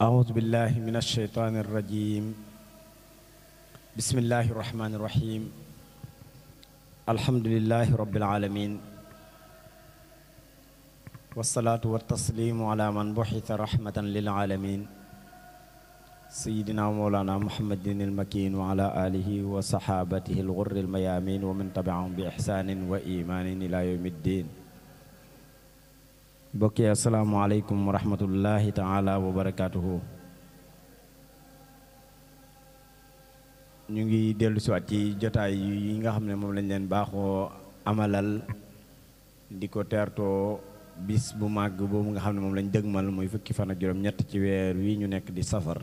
أعوذ بالله من الشيطان الرجيم بسم الله الرحمن الرحيم الحمد لله رب العالمين والصلاة والتسليم على من بحث رحمة للعالمين سيدنا مولانا محمد المكين وعلى آله وصحابته الغر الميامين ومن تبعهم بإحسان وإيمان إلى يوم الدين bokki asalaamaaleykum wa rahmatullahi taala wa barakaatuhu ñu ngi dellu siwaat ci jotaay yi nga xam ne moom lañ leen baaxoo amalal di ko teertoo bis bu màgg boobu nga xam ne moom lañ dëgmal muy fukki fan ak juróom-ñett ci weer wii ñu nekk di safar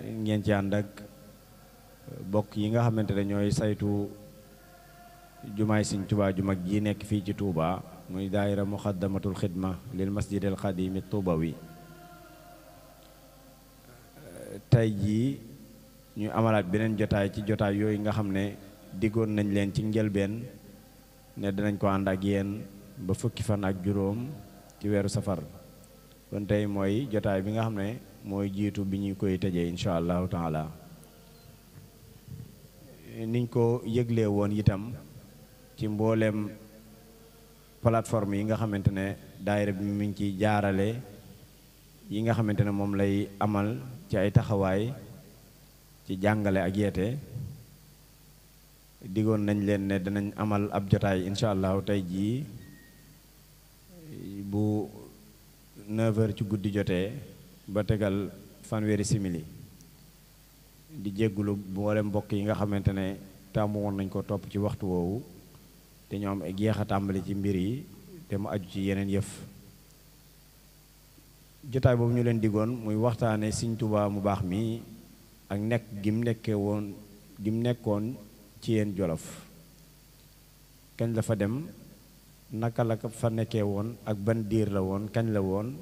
ngeen ci ànd ak bokk yi nga xamante ne ñooy saytu jumaay Sëñ Tuubaa ju mag ji nekk fii ci Tuubaa muy daayira muxaddamatul xidma lil masjidil xadimi tuubawi tey jii ñu amalaat beneen jotaay ci jotaay yooyu nga xam ne diggoon nañ leen ci njëlbeen ne dinañ ko ànd ak yéen ba fukki fan ak juróom ci weeru safar kon tey mooy jotaay bi nga xam ne mooy jiitu bi ñu koy tëjee incha allahu taala niñ ko yëglee woon itam ci mbooleem plateforme yi nga xamante ne daayira bi mi ngi ciy jaarale yi nga xamante ne moom lay amal ci ay taxawaay ci jàngale ak yeete digoon nañ leen ne dinañ amal ab jotaay incha allahu tey jii bu 9 ci guddi jotee ba tegal fanweeri simili di jéggulu mboolem mbokk yi nga xamante ne taamu woon nañ ko topp ci waxtu woowu te ñoom jeex a tàmbali ci mbir yi te mu aju ci yeneen yëf jotaay boobu ñu leen digoon muy waxtaane Sëñ Tuubaa mu baax mi ak nekk gim nekkee woon gim nekkoon ci yenn jolof kañ la fa dem naka la fa nekkee woon ak ban diir la woon kañ la woon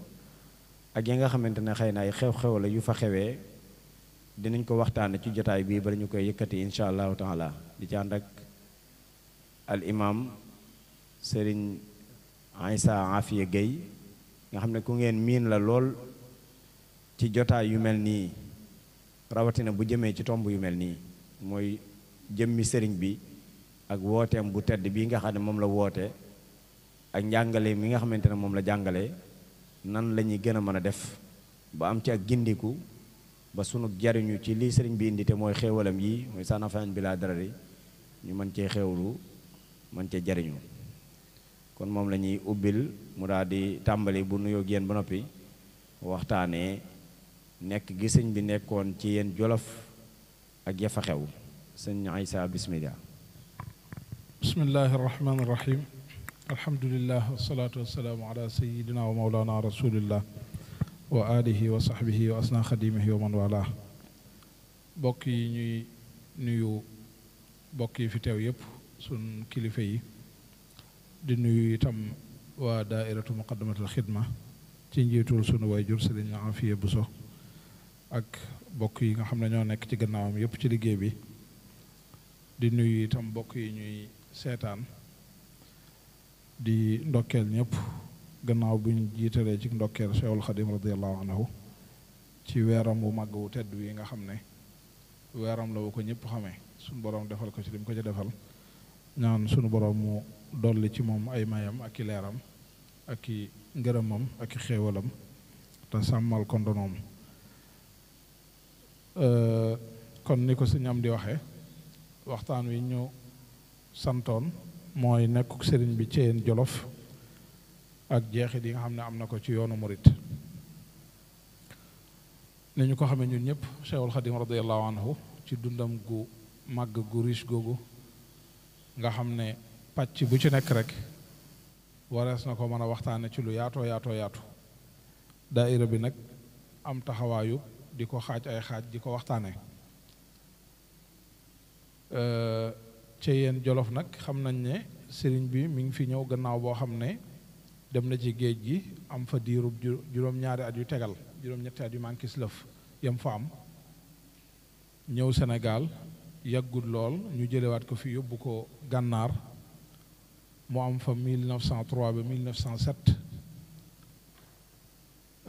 ak ya nga xamante ne xëy na ay xew-xew la yu fa xewee dinañ ko waxtaane ci jotaay bii bala ñu koy yëkkati incha allahu taala di ci ànd al imam sëriñ Aïssa Afia Gueye nga xam ne ku ngeen miin la lool ci jotaay yu mel nii rawatina bu jëmee ci tomb yu mel nii mooy jëmmi sëriñ bi ak wooteem bu tedd bii nga xam ne moom la woote ak njàngale mi nga xamante ne moom la jàngale nan lañuy ñuy gën a mën a def ba am ci ak gindiku ba sunu jariñu ci lii sëriñ bi indi te mooy xéewalam yi mooy sànafaan bi laa darari ñu mën cee xéewlu man cee jariñu kon moom lañuy ñuy ubbil mu daal tàmbali bu nuyoo ak yéen ba noppi waxtaanee nekk gi bi nekkoon ci yenn jolof ak yafa xew sëñ Aïssa bismillah bismillahi rahmaani rahim alhamdulilah wasalaatu wasalaamu ala sayidina wa maulana rasulillah bokk yi ñuy nuyu bokk fi teew yépp sun kilifa yi di nuyu itam waa daairatu muqaddamatul xidma ci njiitul sunu waajur sëriñ Afiya so ak bokk yi nga xam ne ñoo nekk ci gannaawam yëpp ci liggéey bi di nuyu itam bokk yi ñuy seetaan di ndokkeel ñépp gannaaw bu ñu jiitalee ci ndokkeel Cheikhul Xadim radiyallahu anhu ci weeram wu màgg wu tedd wi nga xam ne weeram la wu ko ñëpp xame suñu borom defal ko ci lim mu ko ci defal ñaan sunu borom mu dolli ci moom ay mayam ak i leeram ak i ngërëmam ak i xéewalam te sàmmal ko ndonoom kon ni ko sëñ am di waxe waxtaan wi ñu santoon mooy nekkuk sëriñ bi Ceyeen Jolof ak jeexit yi nga xam ne am na ko ci yoonu morit ni ñu ko xamee ñun ñëpp Cheikhul Xadim radiyallahu anhu ci dundam gu màgg gu riis googu nga xam ne pàcc bu ci nekk rek warees na ko mën a waxtaane ci lu yaato yaato yaatu daaira bi nag am taxawaayu di ko xaaj ay xaaj di ko waxtaane ci yéen jolof nag xam nañ ne sëriñ bi mu ngi fi ñëw gannaaw boo xam ne dem na ci géej gi am fa diirub juróom-ñaari at yu tegal juróom-ñetti at yu manquis lëf yem fa am ñëw Sénégal yàggul lool ñu jëlewaat ko fi yóbbu ko gànnaar mu am fa 1903 ba 1907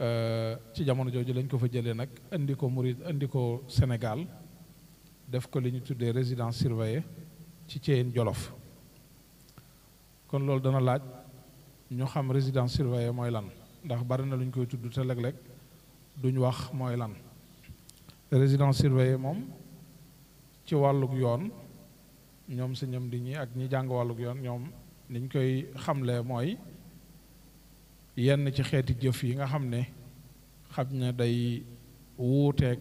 euh, ci jamono jooju lañ ko fa jëlee nag indi ko Murid indi ko Sénégal def ko li ñu tuddee résidence surveillée ci Thièyène Jolof kon loolu dana laaj ñu xam résidence surveillée mooy lan ndax bari na lu ñu koy tudd te léeg-léeg duñ wax mooy lan résidence surveillée moom ci wàllug yoon ñoom sëñam di ñi ak ñi jàng wàllug yoon ñoom niñ koy xamle mooy yenn ci xeeti jëf yi nga xam ne xam na day wuuteeg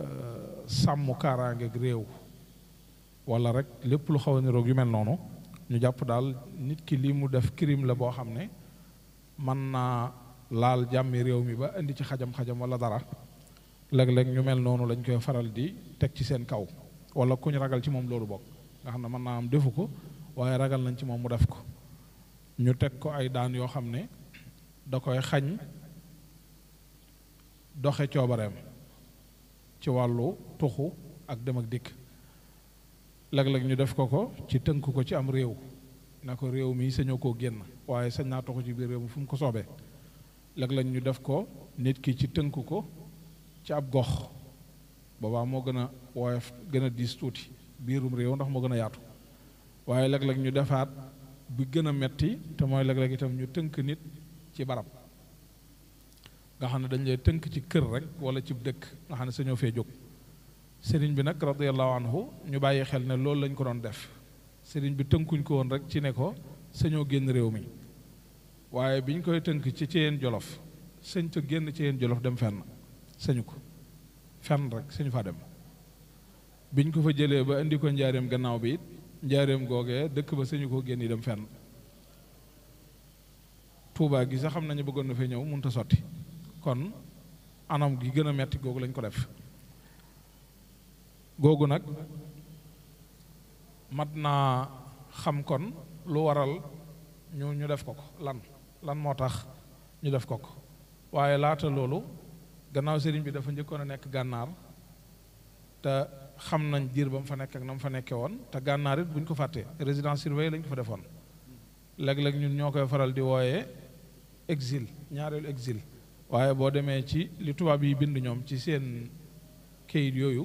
euh, sàmm kaaraangeeg réew wala rek lépp lu xaw a niroog yu mel noonu ñu jàpp daal nit ki lii mu def kirim la boo xam ne mën naa laal jàmmi réew mi ba indi ci xajam-xajam wala dara léeg-léeg ñu mel noonu lañ koy faral di teg ci seen kaw wala ku ñu ragal ci moom loolu bokk nga xam mën naa am defu ko waaye ragal nañ ci moom mu def ko ñu teg ko ay daan yoo xam ne da koy xañ doxe coobareem ci wàllu tuxu ak dem ak dikk léeg-léeg ñu def ko ko ci tënk ko ci am réew na ko réew mi sañoo koo génn waaye sañ naa tuxu ci biir réew mi fu ko soobee léeg-léeg ñu def ko nit ki ci tënk ko ci ab gox boobaa moo gën a woyof gën a diis tuuti biirum réew ndax moo gën a yaatu waaye léeg-léeg ñu defaat bi gën a metti te mooy léeg-léeg itam ñu tënk nit ci barab nga xam ne dañ lay tënk ci kër rek wala ci dëkk nga xam ne sañoo fee jóg sëriñ bi nag radiyallahu anhu ñu bàyyi xel ne loolu lañ ko doon def sëriñ bi tënkuñ ko woon rek ci ne ko sañoo génn réew mi waaye biñ koy tënk ci ci yeen jolof sëñ te génn ci yeen jolof dem fenn sañu ko fenn rek sañu faa dem biñ ko fa jëlee ba indi ko njaareem gannaaw bi it njaareem googee dëkk ba sañu koo génn yi dem fenn Tuubaa gi sax xam nañu bëggoon na fay ñëw mënut sotti kon anam gi gën a metti googu lañ ko def googu nag mat naa xam kon lu waral ñu ñu def ko ko lan lan moo tax ñu def ko ko waaye laata loolu gannaaw sëriñ bi dafa njëkkoon a nekk gànnaar te xam nañ diir ba mu fa nekk ak na mu fa nekkee woon te gànnaar it bu ko fàttee résidence surveillée lañ ko fa defoon léeg-léeg ñun ñoo koy faral di wooye exil ñaareelu exil waaye boo demee ci li tubaab yi bind ñoom ci seen kayit yooyu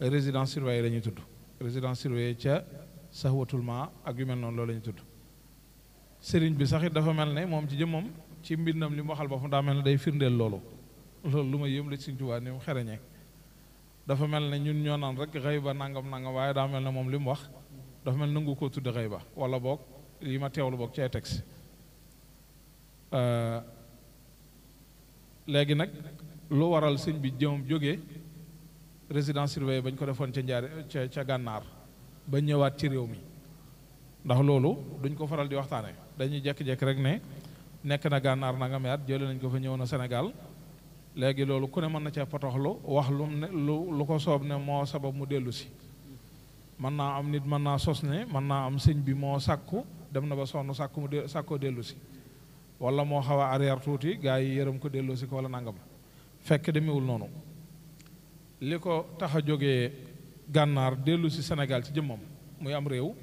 résidence surveillée la ñuy tudd résidence surveillée ca Sahwatul Ma ak yu mel noonu loolu la tudd sëriñ bi sax it dafa mel ne moom ci jëmmam ci mbindam li mu waxal boppam daa mel ne day firndeel loolu loolu lu ma yëm la Sëriñ Tuubaa ni mu xereñee dafa mel ne ñun ñoo naan rek xëy ba nangam nangam waaye daa mel ne moom li mu wax dafa mel nangu koo tudde xëy ba wala boog li ma teewlu boog ci ay texte euh, léegi nag lu waral sëñ bi jëmam jóge résidence surveillée bañ ñu ko defoon ca njaari ca ca gànnaar ba ñëwaat ci réew mi ndax loolu duñ ko faral di waxtaane dañuy jekk-jekk rek ne nekk na gànnaar nangam at jëlee nañ ko fa ñëw na Sénégal léegi loolu ku ne mën na cee potoxlu wax lu ne lu lu ko soob ne moo sabab mu dellu si mën naa am nit mën naa sos ne mën naa am sëñ bi moo sàkku dem na ba sonn sàkku mu sàkkoo dellu si wala moo xaw a arrière tuuti gaa yi yërëm ko dellu si ko wala nangam fekk demewul noonu li ko tax a jógee gànnaar dellu si Sénégal ci jëmmam muy am réew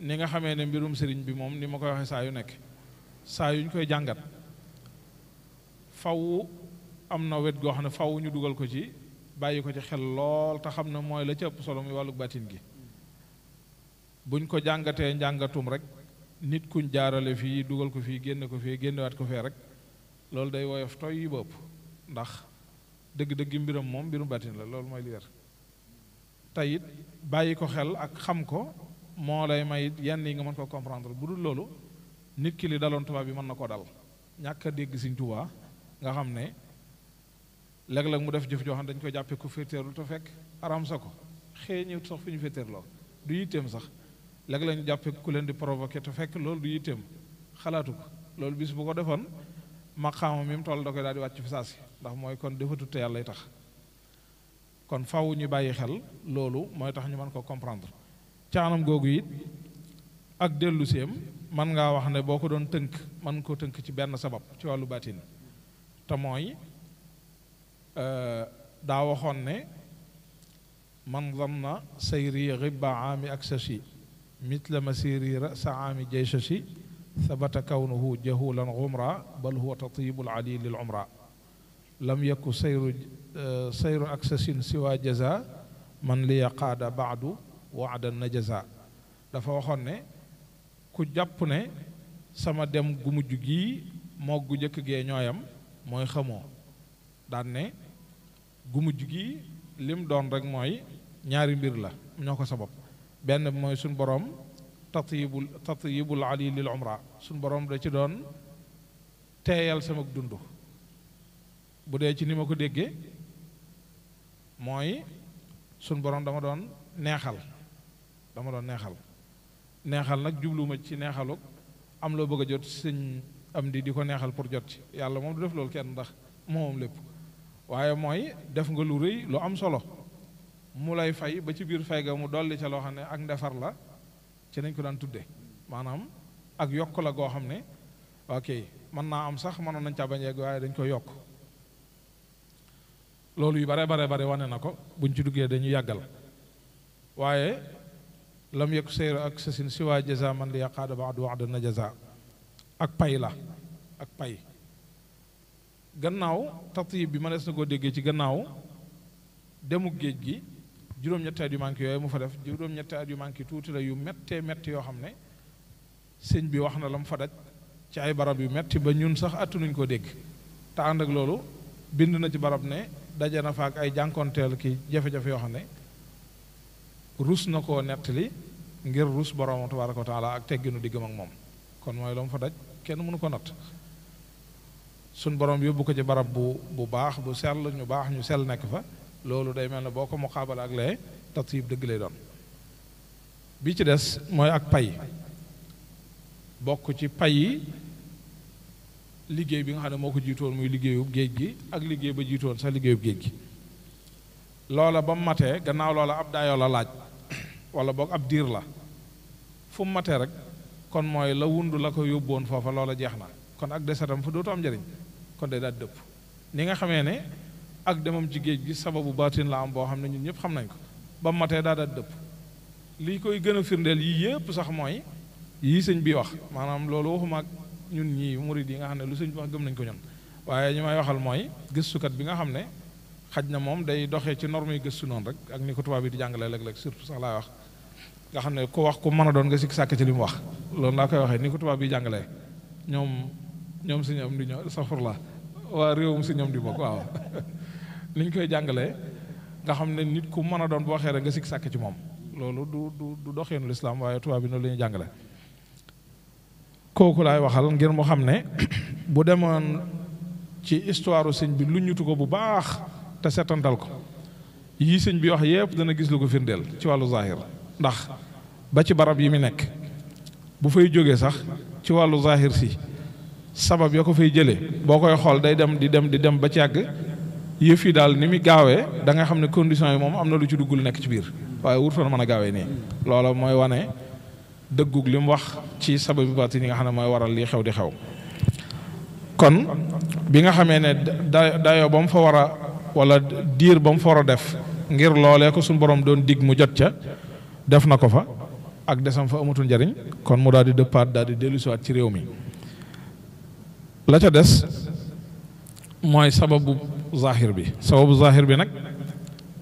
ni nga xamee ne mbirum sëriñ bi moom ni ma koy waxee saa yu nekk saa yuñ koy jàngat faw am na wet goo xam ne faw ñu dugal ko ci bàyyi ko ci xel lool te xam na mooy la ci ëpp solo muy wàllu bàttin gi buñ ko jàngatee njàngatum rek nit kuñ jaarale fii dugal ko fii génne ko fii génnewaat ko fee rek loolu day woyof toy yi ba ëpp ndax dëgg-dëgg mbiram moom mbirum bàttin la loolu mooy li wér tey bàyyi ko xel ak xam ko moo lay may yenn yi nga mën ko comprendre bu dul loolu nit ki li daloon tubaab yi mën na ko dal ñàkk a dégg Sëñ Tuubaa nga xam ne léeg-léeg mu def jëf joo xam dañ ko jàppee ku féeteerlu te fekk aram sa ko xëy ñëw sax fu ñu féeteerloo du yitteem sax léeg-léeg ñu jàppee ku leen di provoqué te fekk loolu du yitteem xalaatu ko loolu bis bu ko defoon maqaama mi mu toll da koy daal di wàcc fi saa si ndax mooy kon defatu te yàlla lay tax kon faw ñu bàyyi xel loolu mooy tax ñu mën koo comprendre caanam googu it ak dellu seem mën ngaa wax ne boo ko doon tënk mën koo tënk ci benn sabab ci wàllu baatin te euh, daa waxoon ne man zanna sayri ghibba aami aksashi mitla masirira saami jayshashi sabata kawnuhu jahulan ghumra bal huwa tatibul ali lil umra lam yaku sayru euh, sayru siwa jaza man li yaqaada baadu waadan na jaza dafa waxoon ne ku jàpp ne sama dem gu mujj gii moo gu jëkk gee ñooyam mooy xamoo daan ne gu mujj gi lim doon rek mooy ñaari mbir la ñoo ko sabab benn bi mooy suñ boroom tatyibul tatyibul ali lil umra suñ boroom da ci doon teeyal sama dund bu dee ci ni ma ko dégge mooy suñ boroom dama doon neexal dama doon neexal neexal nag jubluwuma ci neexaluk am loo bëgg a jot sëñ am di di ko neexal pour jot ci yàlla moom du def loolu kenn ndax moom lépp waaye mooy def nga lu rëy lu am solo mu lay fay ba ci biir fay ga mu dolli ca loo xam ne ak ndefar la ci nañ ko daan tuddee maanaam ak yokk la goo xam ne ok mën naa am sax mënoon nañ caa bañ yegg waaye dañ ko yokk loolu yi bare bare bare wane na ko buñ ci duggee dañu yàggal waaye lam yëg séyra ak sasin siwaa jaza man li yaqaada wax waxda na jaza ak pay la ak pay gannaaw tatyib bi mënees na koo déggee ci gannaaw demu géej gi juróom-ñetti at yu manqué yooyu mu fa def juróom-ñetti at manqué tuuti la yu méttee métti yoo xam ne sëñ bi wax na la mu fa daj ci ay barab yu metti ba ñun sax nuñ koo dégg te ànd ak loolu bind na ci barab ne daje na fa ak ay jànkonteel ki jafe-jafe yoo xam ne rus na koo li ngir rus borom tabaaraka wa taala ak tegginu diggam ak moom kon mooy la mu fa daj kenn mënu ko natt suñ borom yóbbu ko ci barab bu bu baax bu sell ñu baax ñu sell nekk fa loolu day mel ne boo ko mu xaabale ak lee tatyib dëgg lay doon bi ci des mooy ak pay bokk ci pay yi liggéey bi nga xam ne moo ko jiitoon muy liggéeyub géej gi ak liggéey ba jiitoon sax liggéeyub géej gi loola ba mu matee gannaaw loola ab daayoo la laaj wala boog ab diir la fu mate rek kon mooy la wundu la ko yóbboon foofa loola jeex na kon ak desatam fa dootu am njariñ kon day daal dëpp ni nga xamee ne ak demam jigéen géej gi sababu baatin la am boo xam ne ñun ñëpp xam nañ ko ba matee daa daal dëpp li koy gën a firndeel yii yëpp sax mooy yii sëñ bi wax maanaam loolu waxuma ak ñun ñii murid yi nga xam ne lu sëñ bi wax gëm nañ ko ñun waaye ñu may waxal mooy gëstukat bi nga xam ne xaj na moom day doxee ci norme yi gëstu noonu rek ak ni ko tubaab bi di jàngalee léeg-léeg surtout sax laay wax nga xam ne ku wax ku mën a doon nga sikk sàkk ci li mu wax loolu laa koy waxee ni ko tubaab bi jàngalee ñoom ñoom si ñoom di ñoo safurla waa réewum si ñoom di bokk waaw ni koy jàngale nga xam ne nit ku mën a doon boo waxee rek nga sikk sàkk ci moom loolu du du du doxeenu lislaam waaye tubaab bi noonu lañuy jàngale kooku laay waxal ngir mu xam ne bu demoon ci histoire sëñ bi lu ñutu ko bu baax te setantal ko yii sëñ bi wax yépp dana gis lu ko firndeel ci wàllu zahir ndax ba ci barab yi mu nekk bu fay jógee sax ci wàllu zahir si sabab yoo ko fay jëlee boo koy xool day dem di dem di dem ba ci àgg yëf yi daal ni muy gaawee danga xam ne conditions yi moom am na lu ci dugg lu nekk ci biir waaye wurutoon mën a gaawee nii loola mooy wane dëggug li mu wax ci sababu baatin yi nga xam ne mooy waral lii xew di xew kon bi nga xamee ne dayo ba mu fa war a wala diir ba mu fa war a def ngir loolee ko suñu borom doon digg mu jot ca def na ko fa ak desam fa amatul njariñ kon mu daal di dëppaat daal di dellusiwaat ci réew mi la ca des mooy sababu zahir bi sababu zahir bi nag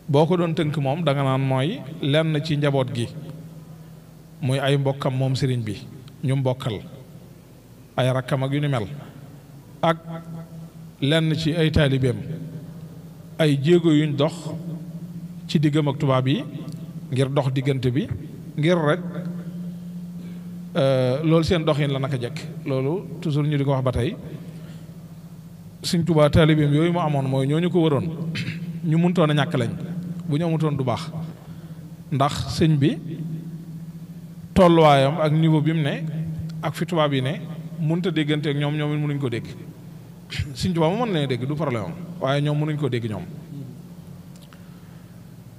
boo ko doon tënk moom danga naan mooy lenn ci njaboot gi muy ay mbokkam moom sëriñ bi ñu mbokkal ay rakkam ak yu ni mel ak lenn ci ay taalibeem ay jéego yuñ dox ci diggam ak tubaab yi ngir dox diggante bi ngir rek euh, loolu seen doxin la naka jekk loolu toujours ñu di ko wax ba tey Sëñ Tuubaa taalibeem yooyu mu amoon mooy ñoo ñu ko waroon ñu mënutoon a ñàkk lañ bu ñu amutoon du baax ndax sëñ bi tolluwaayam ak niveau bi mu ne ak fi tubaab yi ne mënut a déggante ak ñoom ñoom it mënuñ ko dégg Sëñ Tuubaa mu mën leen dégg du problème am waaye ñoom mënuñ ko dégg ñoom.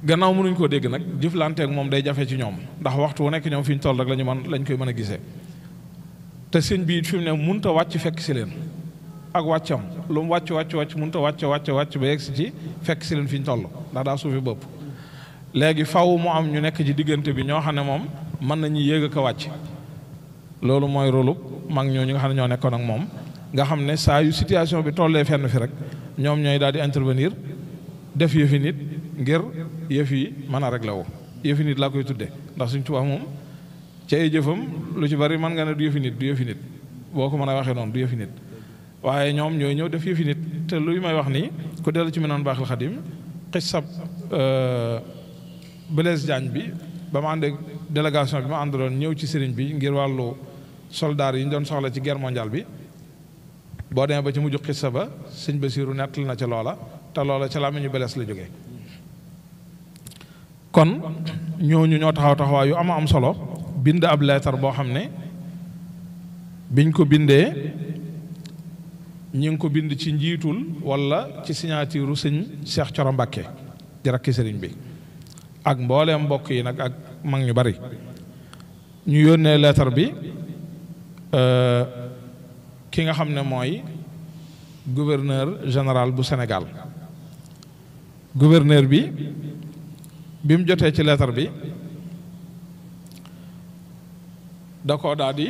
gannaaw mënuñ koo dégg nag jëflanteek moom day jafe ci ñoom ndax waxtu wu nekk ñoom fi ñu toll rek lañu man mën lañ koy mën a gisee te sëñ bi it fi ne munta wàcc fekk si leen ak wàccam lu mu wàcc wàcc wàcc munta wàcc wàcc wàcc ba yegg si ci fekk si leen fi ñu toll ndax daa suufi bopp léegi faw mu am ñu nekk ci diggante bi ñoo xam ne moom mën nañu yéeg ak a wàcc loolu mooy rôle mag ñoo ñi nga xam ne ñoo nekkoon ak moom nga xam ne saa yu situation bi tollee fenn fi rek ñoom ñooy daal di intervenir def yëfi nit ngir yëf yi mën a réglé wu yëfi nit laa koy tudde ndax suñ tubaab moom ci ay jëfam lu ci bari mën nga ne du yëfi nit du yëfi nit boo ko mën a waxee noonu du yëfi nit waaye ñoom ñooy ñëw def yëfi nit te luy may wax nii ku dellu ci menoon baaxil xadim xisab euh, Blaise Diagne bi ba mu ànd ak délégation bi ma àndaloon ñëw ci sëriñ bi ngir wàllu soldaar yi ñu doon soxla ci guerre mondiale bi boo demee ba ci mujj xissa ba sëñ Basiiru nettali na ca loola te loola ca làmmiñu Blaise la jógee kon ñooñu ñoo taxaw taxawaay yu ama am solo bind ab leetar boo xam ne biñ ko bindee ñi ngi ko bind ci njiitul walla ci signature sëñ Cheikh Coro Mbàkke di rakki sëriñ bi ak mbooleem mbokk yi nag ak mag ñu bari ñu yónnee leetar bi euh, ki nga xam ne mooy gouverneur général bu Sénégal gouverneur bi bi mu jotee ci leetar bi da koo daa di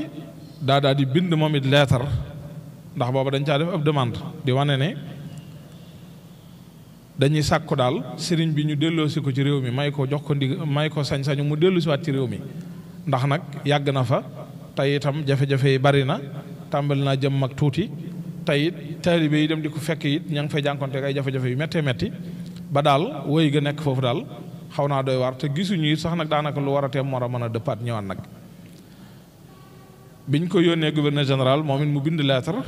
daa daa di bind moom it leetar ndax booba dañ caa def ab demande di wane ne dañuy sàkku daal sëriñ bi ñu delloosi ko ci réew mi may ko jox ko ndig may ko sañ-sañu mu delloosiwaat ci réew mi ndax nag yàgg na fa tey itam jafe-jafe yi bari na tàmbali naa jëm mag tuuti tey it taalibe yi dem di ko fekk it ña ngi fay jànkonte ay jafe-jafe yu méttee metti ba daal woy ga nekk foofu daal xaw naa doy waar te gisuñu it sax nag daanaka lu war a tee mor a mën a dëppaat ñëwaat nag biñ ko yónnee gouverneur général moom it mu bind lettre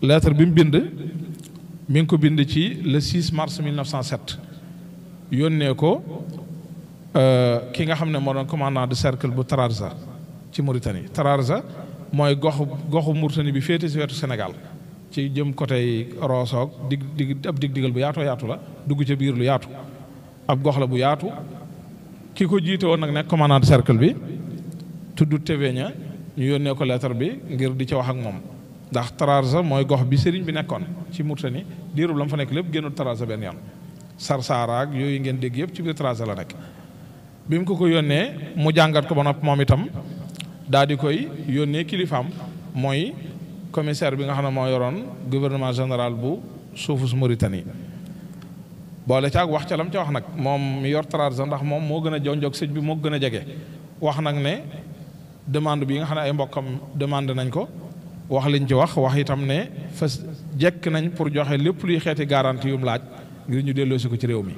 lettre bi mu bind mi ngi ko bind ci le 6 mars 1907 yónnee ko euh, ki nga xam ne moo doon commandant de cercle bu Trarza ci Mauritanie Trarza mooy goxu goxu Mauritanie bi féete ci wetu senegal ci jëm côté Rosso dig dig ab dig digal bu yaatoo yaatu la dugg ci biir lu yaatu ab gox la bu yaatu ki ko jiite woon nag nekk commandant cercle bi tudd ña ñu yónnee ko lettre bi ngir di ci wax ak moom ndax Trarza mooy gox bi sëriñ bi nekkoon ci Murtani diirub la mu fa nekk lépp génnul Trarza benn yoon Sarsara ak yooyu ngeen dégg yëpp ci biir Trarza la nekk bi mu ko ko yónnee mu jàngat ko ba noppi moom itam daal di koy yónnee kilifaam mooy commissaire bi nga xam ne moo yoroon gouvernement général bu suufus Mauritanie boole caag wax ca lam ca wax nag moom mi yor ndax moom moo gën a jonjoog sëñ bi moo gën a jege wax nag ne demande bi nga xam ne ay mbokkam demande nañ ko wax liñ ci wax wax itam ne fas jekk nañ pour joxe lépp luy xeeti garantie yu laaj ngir ñu delloosi ko ci réew mi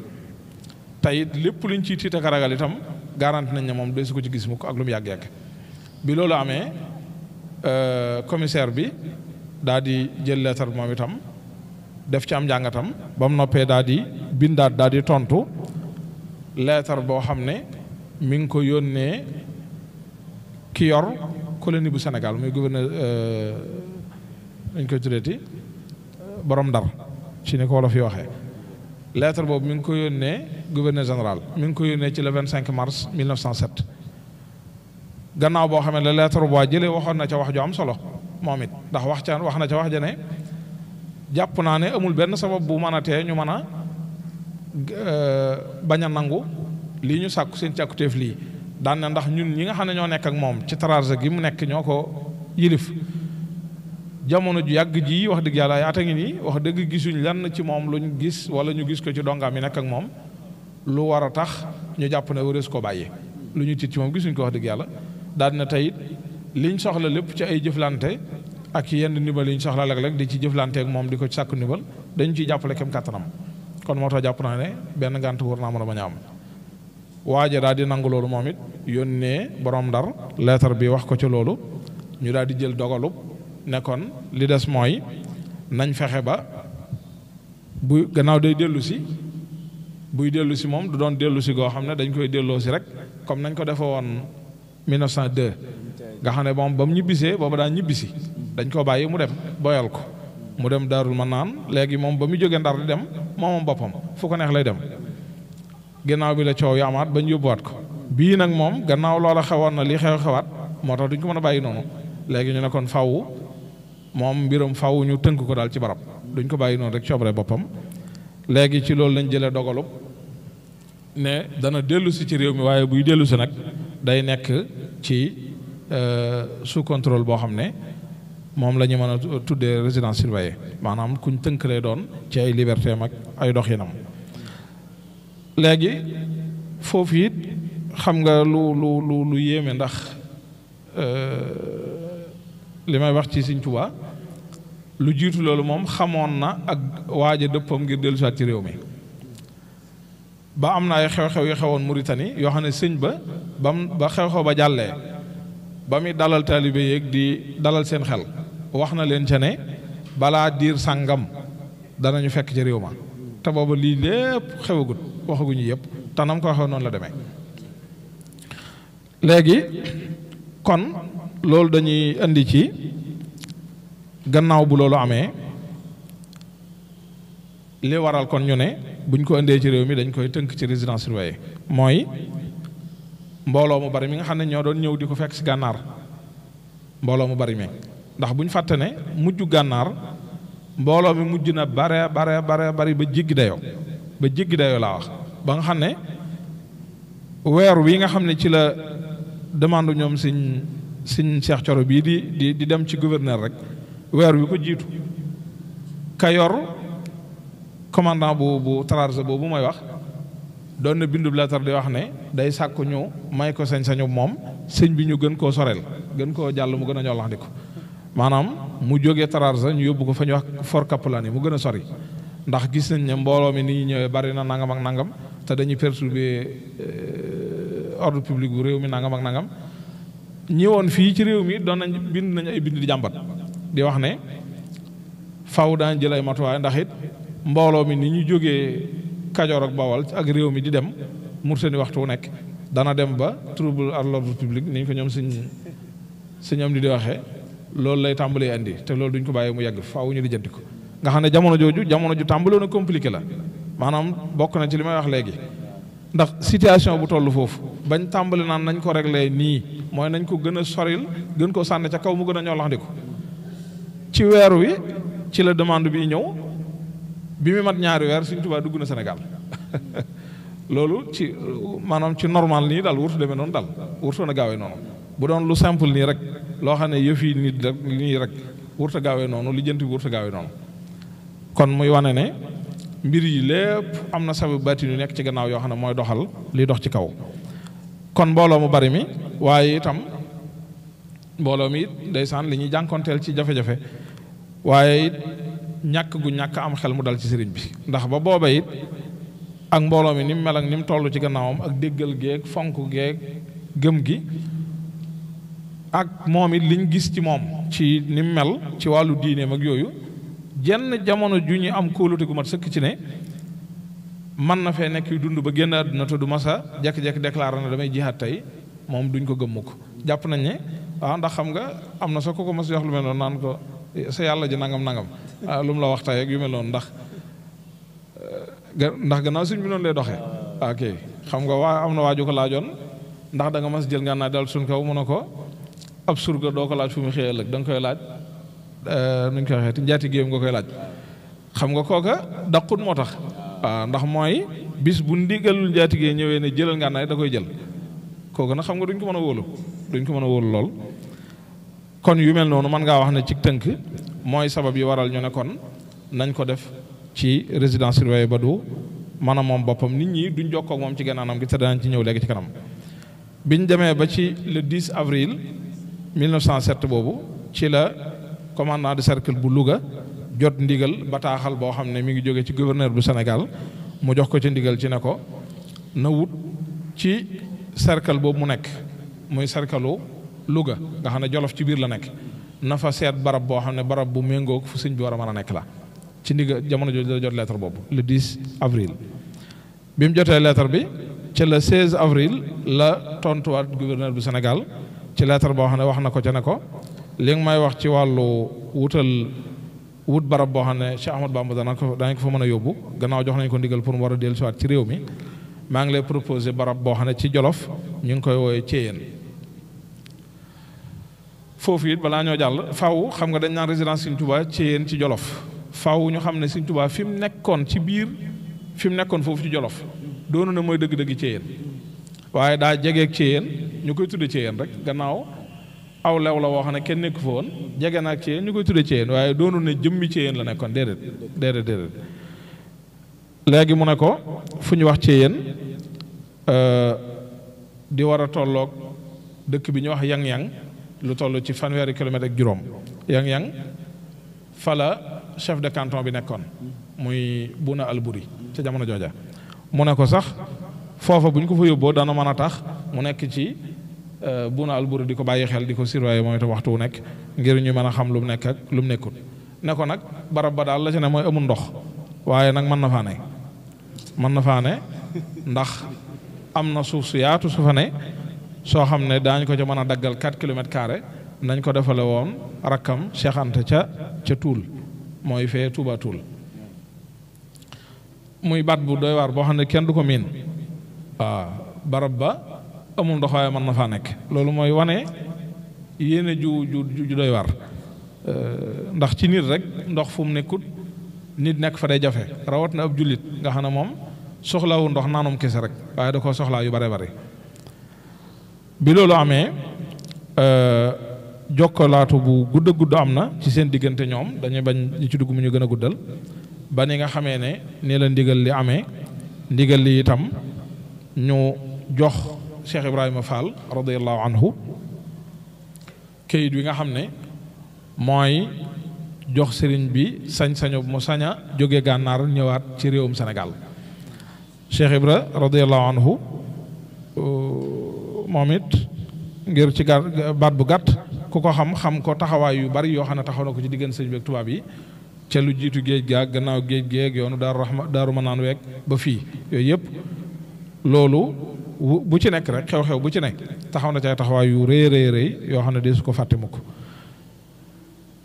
tey lépp liñ ci tiit ak ragal itam garantie nañ ne moom delloosi ko ci gis mu ko ak lu yàgg-yàgg bi loolu amee euh, commissaire bi daal di jël lettre moom itam def ci am njàngatam ba mu noppee daal di bindaat daal di tontu leetar boo xam ne mi ngi ko yónnee ki yor colonie bu Sénégal muy gouverneur dañ euh, koy tuddee borom ndar ci ni ko wolof waxee. leetar boobu mu ngi ko yónnee gouverneur général mi ngi ko yónnee ci le 25 mars 1907 gannaaw boo xam ne la leetar bu waa jëlee waxoon na ca wax ju am solo moom it ndax wax ca wax na ca wax ja ne jàpp naa ne amul benn sabab bu mën a tee ñu mën a euh, bañ a nangu lii ñu sàkku seen càkkutéef lii daan na ndax ñun ñi nga xam ne ñoo nekk ak moom ci tararsa gi mu nekk ñoo ko yilif jamono ju yàgg ji wax dëgg yàlla yaata ngi nii wax dëgg gisuñu lan ci moom lu ñu gis wala ñu gis ko ci dongaam yi nekk ak moom lu war a tax ñu jàpp ne warees ko bàyyi lu ñu tiit ci moom gisuñ ko wax dëgg yàlla daan na tey liñ soxla lépp ci ay jëflante ak yenn ndimbal yi ñu soxla léeg-léeg di ci jëflanteeg moom di ko sàkk ndimbal dañu ciy jàppale kem kàttanam kon moo tax jàpp naa ne benn ngànt war naa mën a bañ a am nangu loolu moom it yónnee boroom ndar leetar bi wax ko ci loolu ñu daal di jël dogalub ne kon li des mooy nañ fexe ba bu gannaaw day dellu si buy dellu si moom du doon dellu si goo xam ne dañ koy delloo si rek comme nañ ko defe woon 1902 nga xam ne moom ba mu ñibbisee booba daan ñibbisi dañ koo bàyyi mu dem boyal ko mu dem daarul ma naan léegi moom ba mu jóge ndar di dem moomam boppam fu ko neex lay dem gannaaw bi la coow yaamaat amaat ba ñu yóbbuwaat ko bii nag moom gannaaw loola xewoon na lii xew xewaat moo tax duñ ko mën a bàyyi noonu léegi ñu ne kon faw moom mbiram faw ñu tënk ko daal ci barab duñ ko bàyyi noonu rek coobare boppam léegi ci loolu lañ jëlee dogalub ne dana dellu si ci réew mi waaye buy dellu si nag day nekk ci euh, sous contrôle boo xam ne moom lañu mën a tuddee résidence surveillée maanaam kuñ tënk lay doon ci ay liberté am ak ay doxinam léegi foofu it xam nga lu lu lu lu yéeme ndax euh, li may wax ci Sëñ Tuubaa lu jiitu loolu moom xamoon na ak waaj a dëppam ngir dellusiwaat ci réew mi ba am na ay xew-xew yu xewoon Mauritanie yoo xam ne sëñ ba bam ba xew-xew ba jàllee ba muy dalal taalibe yeeg di dalal seen xel wax na leen ca ne balaa diir sàngam danañu fekk ci réew ma te booba lii lépp xewagut waxaguñu yëpp te nam ko waxee noonu la deme léegi kon loolu dañuy indi ci gannaaw bu loolu amee li waral kon ñu ne buñ ko indee ci réew mi dañ koy tënk ci résidence surveillée mooy mbooloo mu bari mi nga xam ne ñoo doon ñëw di ko fekk ci gànnaar mbooloo mu bari mi ndax buñ fàtte ne mujj gànnaar mbooloo mi mujj na bare bare bare bari ba jéggi dayoo ba jéggi dayoo laa wax ba nga xam ne weer wi nga xam ne ci la demande ñoom siñ siñ Cheikh bii di di di dem ci gouverneur rek weer wi ko jiitu Kayor commandant bu bu trarse boobu mooy wax doon na bindu leetar di wax ne day sàkku ñu may ko sañ-sañu moom sëñ bi ñu gën koo soreel gën koo jàll mu gën a ñoolax di ko maanaam mu jóge trarse ñu yóbbu ko fa ñu wax Fort Capelanie mu gën a sori ndax gis nañ ne mbooloo mi ni ñuy ñëwee bari na nangam ak nangam te dañuy perturber euh, ordre public bu réew mi nangam ak nangam ñi woon fii ci réew mi doon nañ bind nañ ay bind di jàmbat di wax ne faw daañ jël ay matuwaay ndax mbooloo mi ni ñu jógee Kajoor ak Bawol ak réew mi di dem Mauritanie waxtu wu nekk dana dem ba trouble à l'ordre public ni ñu ko ñoom suñ suñ am di di waxee loolu lay tàmbalee indi te loolu duñ ko bàyyi mu yàgg faaw ñu lijjanti ko nga xam ne jamono jooju jamono ju tàmbalee na la maanaam bokk na ci li may wax léegi ndax situation bu toll foofu bañ tàmbali naan nañ ko réglé nii mooy nañ ko gën a soril gën ko sànni ca kaw mu gën a ñoo lax ndiko ci weer wi ci la demande bi ñëw bi mu mat ñaari weer Sëriñ Tuubaa dugg na Sénégal loolu ci maanaam ci normal nii daal wurtu demee noonu daal wurtoon a gaawee noonu bu doon lu simple nii rek loo xam ne yëf yi nit rek nii rek wurta gaawee noonu lijjanti bi wurta gaawee noonu kon muy wane ne mbir yi lépp am na sabu baatin yu nekk ci gannaaw yoo xam ne mooy doxal liy dox ci kaw kon mbooloo mu bari mi waaye itam mbooloo mi it ndeysaan li ñuy jànkoonteel ci jafe-jafe waaye ñàkk gu ñàkk am xel mu dal ci sëriñ bi ndax ba booba it ak mbooloo mi ni mu mel ak ni mu toll ci gannaawam ak déggal geeg fonk geeg gëm gi ak moom it liñ gis ci moom ci ni mu mel ci wàllu diineem ak yooyu jenn jamono ju ñu am kóolute gu mat sëkk ci ne mën na fee nekk yu dund ba génn àdduna te du masa jekki-jekki déclaré na damay jihaat tey moom duñ ko gëmmu jàpp nañ ne waaw ah, ndax xam nga am na soo ko ko mas wax lu mel noonu naan ko sa yàlla ji nangam nangam ah lu mu la waxtaay ak yu mel noonu ndax eh, ndax gannaaw suñ bi noonu lay doxee ah. ok xam nga waa am na waaju ko laajoon ndax da nga mas jël ngaan naa dal suñ kaw mën ne ko ab surga doo ko laaj fu mu xëyee ëllëg danga koy laaj eh, nuñ koy waxeeti njaati géem nga koy laaj xam nga kooka daqut moo tax waaw ah, ndax mooy bis bu ndigalul njaatigee ñëwee ne jëlal ngaan naay da koy jël kooku nag xam nga duñ ko mën a wóolu duñ ko mën a wóolu lool kon yu mel noonu mën ngaa wax ne ci tënk mooy sabab yi waral ñu ne kon nañ ko def ci résidence surveillée ba du mën moom boppam nit ñi duñ jox ak moom ci genn anam gi te danañ ci ñëw léegi ci kanam biñ demee ba ci le 10 avril 1907 boobu ci la commandant de cercle bu Louga jot ndigal bataaxal boo xam ne mi ngi jóge ci gouverneur bu Sénégal mu jox ko ci ndigal ci ne ko na wut ci cercle boobu mu nekk muy cercle Louga nga xam ne Jolof ci biir la nekk na fa seet barab boo xam ne barab bu méngoog fu sëñ bi war a mën a nekk la ci ndiga jamono jooju la jot lettre boobu le 10 avril bi mu jotee lettre bi ci la 16 avril la tontuwaat gouverneur du Sénégal ci lettre boo xam ne wax na ko ca ne ko li may wax ci wàllu wutal wut barab boo xam ne Cheikh Ahmad Bamba dana ko danañ ko fa mën a yóbbu gannaaw jox nañ ko ndigal pour mu war a dellusiwaat ci réew mi maa ngi lay proposé barab boo xam ne ci Jolof ñu ngi koy wooye Thiéyène foofu it balaa ñoo jàll faw xam nga dañ naan résidence Serigne Touba ci yéen ci Jolof faw ñu xam ne Serigne Touba fi mu nekkoon ci biir fi mu nekkoon foofu ci Jolof doonu na mooy dëgg-dëgg ci waaye daa jegeeg ci yéen ñu koy tudde ci rek gannaaw aw lew la woo xam ne kenn nekku fa woon jege naag ci ñu koy tudde waaye doonu ne jëmmi ci yéen la nekkoon déedéet déedéet déedéet léegi mu ne ko fu ñu wax ci yéen euh, di war a tolloog dëkk bi ñu wax yang-yang lu toll ci fanweeri kilomètre ak juróom yang yang fala chef de canton bi nekkoon muy Bouna Albouri ca jamono jooja mu ne ko sax foofa buñ ko fa yóbboo dana mën a tax mu nekk ci euh, Bouna Albouri di ko bàyyi xel di ko surveiller moom itam waxtu wu nekk ngir ñu mën a xam lu mu nekk ak lu mu nekkul ne ko nag barab ba daal la ci ne mooy amul ndox waaye nag mën na faa ne mën na faa ne ndax am na suuf su yaatu su fa ne soo xam ne daañ ko ca mën a daggal 4 kilomètres carré nañ ko defale woon rakkam Cheikh ca ca Tuul mooy fee Touba Tuul muy baat bu doy waar boo xam ne kenn du ko miin waaw barab ba amul ndox waaye mën na faa nekk loolu mooy wane yéene ju ju ju doy waar ndax ci nit rek ndox fu mu nekkut nit nekk fa day jafe rawat na ab jullit nga xam ne moom soxlawu ndox naanum kese rek waaye da ko soxlaa yu bare bare bi loolu amee euh, jokkalaatu bu gudd gudd am na ci seen diggante ñoom dañu bañ ci dugg mu ñu gën guddal ba ni nga xamee ne nii la ndigal li amee ndigal li itam ñu jox Cheikh Ibrahima Fall radiyallahu anhu këyit wi nga xam ne mooy jox sëriñ bi sañ-sañu mu sañ jóge gànnaar ñëwaat ci réewum Sénégal Cheikh Ibra radiyallahu anhu euh, moom it ngir ci gar baat bu gàtt ku ko xam xam ko taxawaay yu bari yoo xam ne taxaw na ko ci diggante sëñ bi ak tubaab yi ca lu jiitu géej gaag gannaaw géej géeg yoonu daaru rahma daaru manaan weeg ba fii yëpp loolu bu ci nekk rek xew bu ci nekk taxaw na ci taxawaay yu rëy yoo xam ne dee su ko fàtte mukk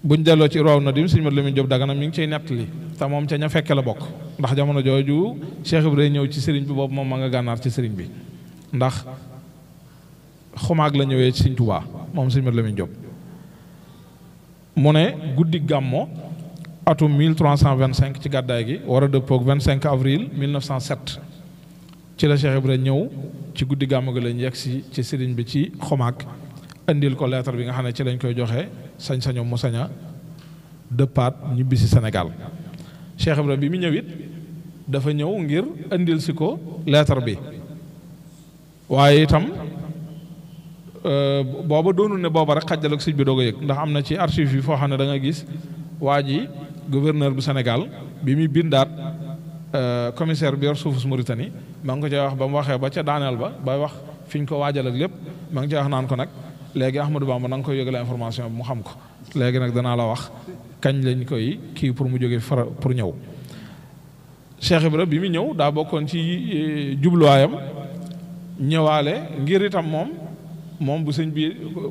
buñ delloo ci raw na dim sëñ Mat Lamin Jóob Dagana mi ngi ciy nettali te moom ca ña fekkee la bokk ndax jamono jooju Cheikh Ibrahima ñëw ci sëriñ bi boobu moom ma nga gànnaar ci sëriñ bi ndax xumaag la ñëwee sëñ Tuubaa moom sëñ Mat Lamin Jóob mu ne guddi gàmmo atum 1325 ci gàddaay gi war a dëppoog 25 avril 1907 ci la Cheikh Ibra ñëw ci guddi gàmmo gi lañ yegg si ci sëriñ bi ci xumaag indil ko leetar bi nga xam ne ci lañ koy joxe sañ-sañoom mu saña a dëppaat ñibbi si Sénégal Cheikh bi mu ñëw dafa ñëw ngir indil si ko leetar bi waaye itam Euh, booba doonu ne booba rek xajal ak sëñ bi doog a yëg ndax am na ci archive yi foo xam ne da gis waa ji gouverneur bu Sénégal bi muy bindaat euh, commissaire bi yor suufu Mauritanie maa ngi ko cay wax ba mu waxee ba ca daaneel ba ba wax fi ko waajal ak lépp maa ngi cay wax naan ko nag léegi Ahmadou Bamba na nga koy yëgale information bi mu xam ko léegi nag danaa la wax kañ lañ koy kii pour mu jógee fara pour ñëw. bi Ibra bi mu ñëw daa kon ci euh, jubluwaayam ñëwaale ngir itam moom. moom bu sëñ bi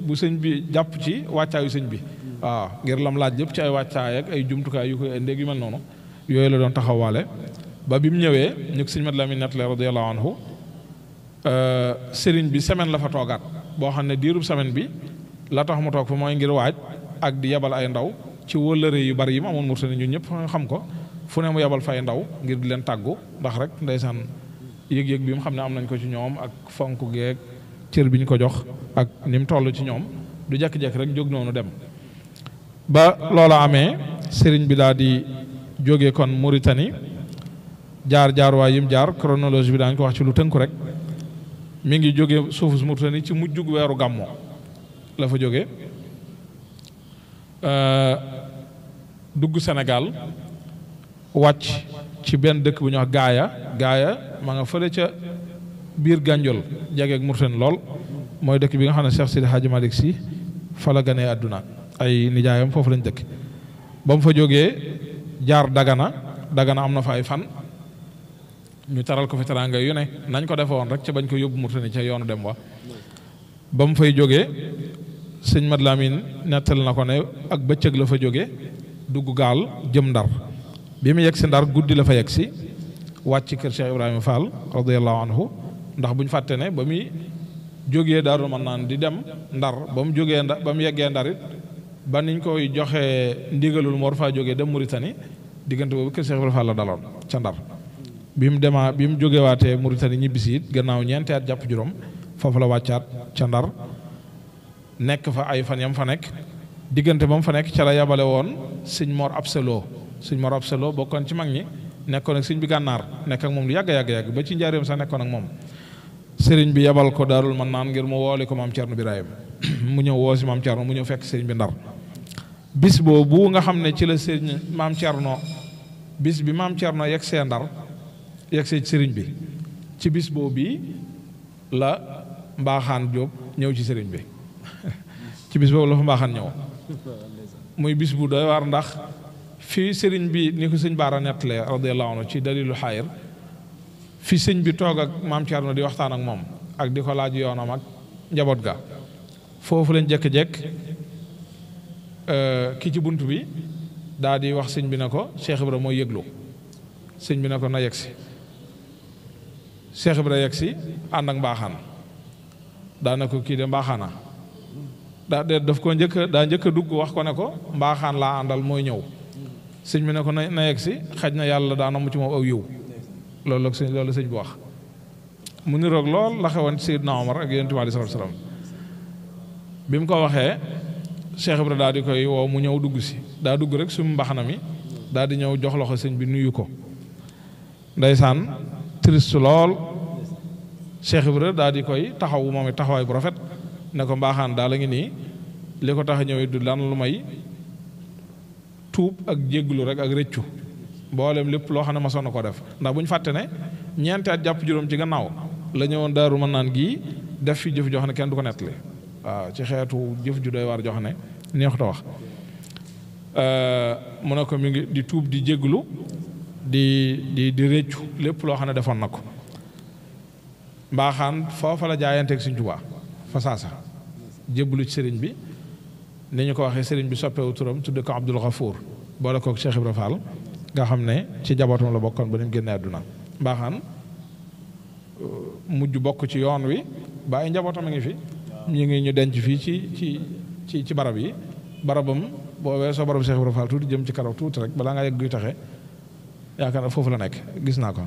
bu sëñ bi jàpp ci wàccaayu sëñ bi waaw ngir lam laaj yépp ci ay wàccaay ay jumtukaay yu koy indéeg yu mel noonu yooyu la doon taxawaale ba bi mu ñëwee ñu ko sëñ mat lamin nettale radiallahu anhu euh, sëriñ bi semaine la fa toogaat boo xam ne diirub semaine bi la tax mu toog fa mooy ngir waaj ak di yebal ay ndaw ci wëllëre yu bari yi mu amoon murtani ñun ñëpp xam ko fu ne mu yebal fay ndaw ngir di leen tàggu ndax rek ndeysaan yëg-yëg bi xam ne am nañ ko ci ñoom ak fonk geeg cër bi ñu ko jox ak ni mu toll ci ñoom du jékki-jékki rek jóg noonu dem ba loola amee sëriñ bi daal di jóge kon Mauritanie jaar jaar waay yim jaar chronologie bi daañu ko wax ci lu tënku rek mi ngi jóge suufu Mauritanie ci mujjug weeru gàmmo la fa jóge dugg senegal wàcc ci benn dëkk bu ñuy wax Gaaya Gaaya ma nga fële biir Gànjool jageeg Murten lool mooy dëkk bi nga xam ne Cheikh Sidi Hadji Malick Sy fa la àdduna ay nijaayam foofu lañ dëkk ba mu fa jógee jaar Dagana Dagana am na fa ay fan ñu taral ko fi teraanga yu ne nañ ko defe woon rek ca bañ ko yóbbu Murten ca yoonu dem wa ba mu fay jógee sëñ mat Lamin nettal na ko ne ak bëccëg la fa jóge dugg gaal jëm ndar bi mu yegg si ndar guddi la fa yegg si wàcc kër Cheikh Ibrahima Fall radiyallahu anhu ndax bu ñu fàtte ne ba muy jógee daarul man naan di dem ndar ba mu jógee ndar ba mu yeggee ndar it ba niñ koy joxee ndigalul mu faa jógee dem Mauritanie diggante boobu kër Cheikh Ibrahima Fall la daloon ca ndar bi mu demaa bi mu jógewaatee Mauritanie ñibbisi it gannaaw jàpp juróom foofu la wàccaat ca ndar nekk fa ay fan yam fa nekk diggante ba mu fa nekk ca la yabale woon sëñ Mor Absalo sëñ Mor Absalo bokkoon ci mag ñi nekkoon ak sëñ bi gànnaar nekk ak moom lu yàgg yàgg yàgg ba ci njaareem sax nekkoon ak moom sëriñ bi yebal ko daarul ma naan ngir mu woole ko maam Thierno Birahim mu ñëw woo si maam Thierno mu ñëw fekk sëriñ bi ndar bis boobu nga xam ne ci la sëriñ maam Thierno bis bi maam Thierno yegg see ndar yegg see sëriñ bi ci bis boobu bi la mbaaxaan ñëw ci sëriñ bi ci bis boobu la fa mbaaxaan ñëw muy bis bu doy waar ndax fii sëriñ bi ni ko sëñ Baara nettalee radiyallahu anhu ci dalilu xaayir fi sëñ bi toog ak maam na di waxtaan ak moom ak di ko laaj yoonam ak njaboot ga foofu lañ jekk-jekk euh, ki ci bunt bi daal di wax sëñ bi ne ko Cheikh Ibra mooy yëglu sëñ bi na ko na yegg si Cheikh Ibra yegg si ànd ak mbaaxaan daana ko kii de mbaaxaana daa de daf ko njëkk daa njëkk dugg wax ko ne ko mbaaxaan laa àndal mooy ñëw sëñ bi na ko na yegg si xaj na yàlla daana mu ci moom aw yiw loolu la sëñ loolu sëñ bu wax mu niroog lool la xewoon Seydina Omar ak Yonent bi aleyhi salaatu wa bi mu ko waxee Cheikh Ibra daal di koy woo mu ñëw dugg si daa dugg rek sumu mbaxana mi daal di ñëw jox loxo sëñ bi nuyu ko ndeysaan triste lool Cheikh Ibra daal di koy taxaw moom it taxawaay bu rafet ne ko mbaxana daal a ngi nii li ko tax a ñëw du lan lu may tuub ak jégglu rek ak rëccu booleem lépp loo xam ne masoon na ko def ndax bu ñu fàtte ne ñeenti jàpp juróom ci gannaaw la ñëwoon daaru mën naan gii def fi jëf joo ne kenn du ko nettali waaw ci xeetu jëf ju doy war joo xam ne neexut a wax euh, mu ne ko mu ngi di tuub di jéglu di di di lépp loo xam ne defoon na ko mbaaxaan foofa la jaayanteeg Sëriñ Tuubaa fa saasa jébbalu ci sëriñ bi ni ñu ko waxee sëriñ bi soppeewu turam tudde ko Abdul Ghafour boole kook Cheikh Ibra Fall nga xam ne ci jabootam la bokk bokkoon ba ni mu génnee àdduna mbaaxaan mujj bokk ci yoon wi ba ay njabootam a ngi fi ñu ngi ñu denc fii ci ci ci ci barab yi barabam boo weesoo barabu Cheikh Ibrahima Fall tuuti jëm ci karaw tuuti rek balaa ngaa yegg guy taxe yaakaar naa foofu la nekk gis naa ko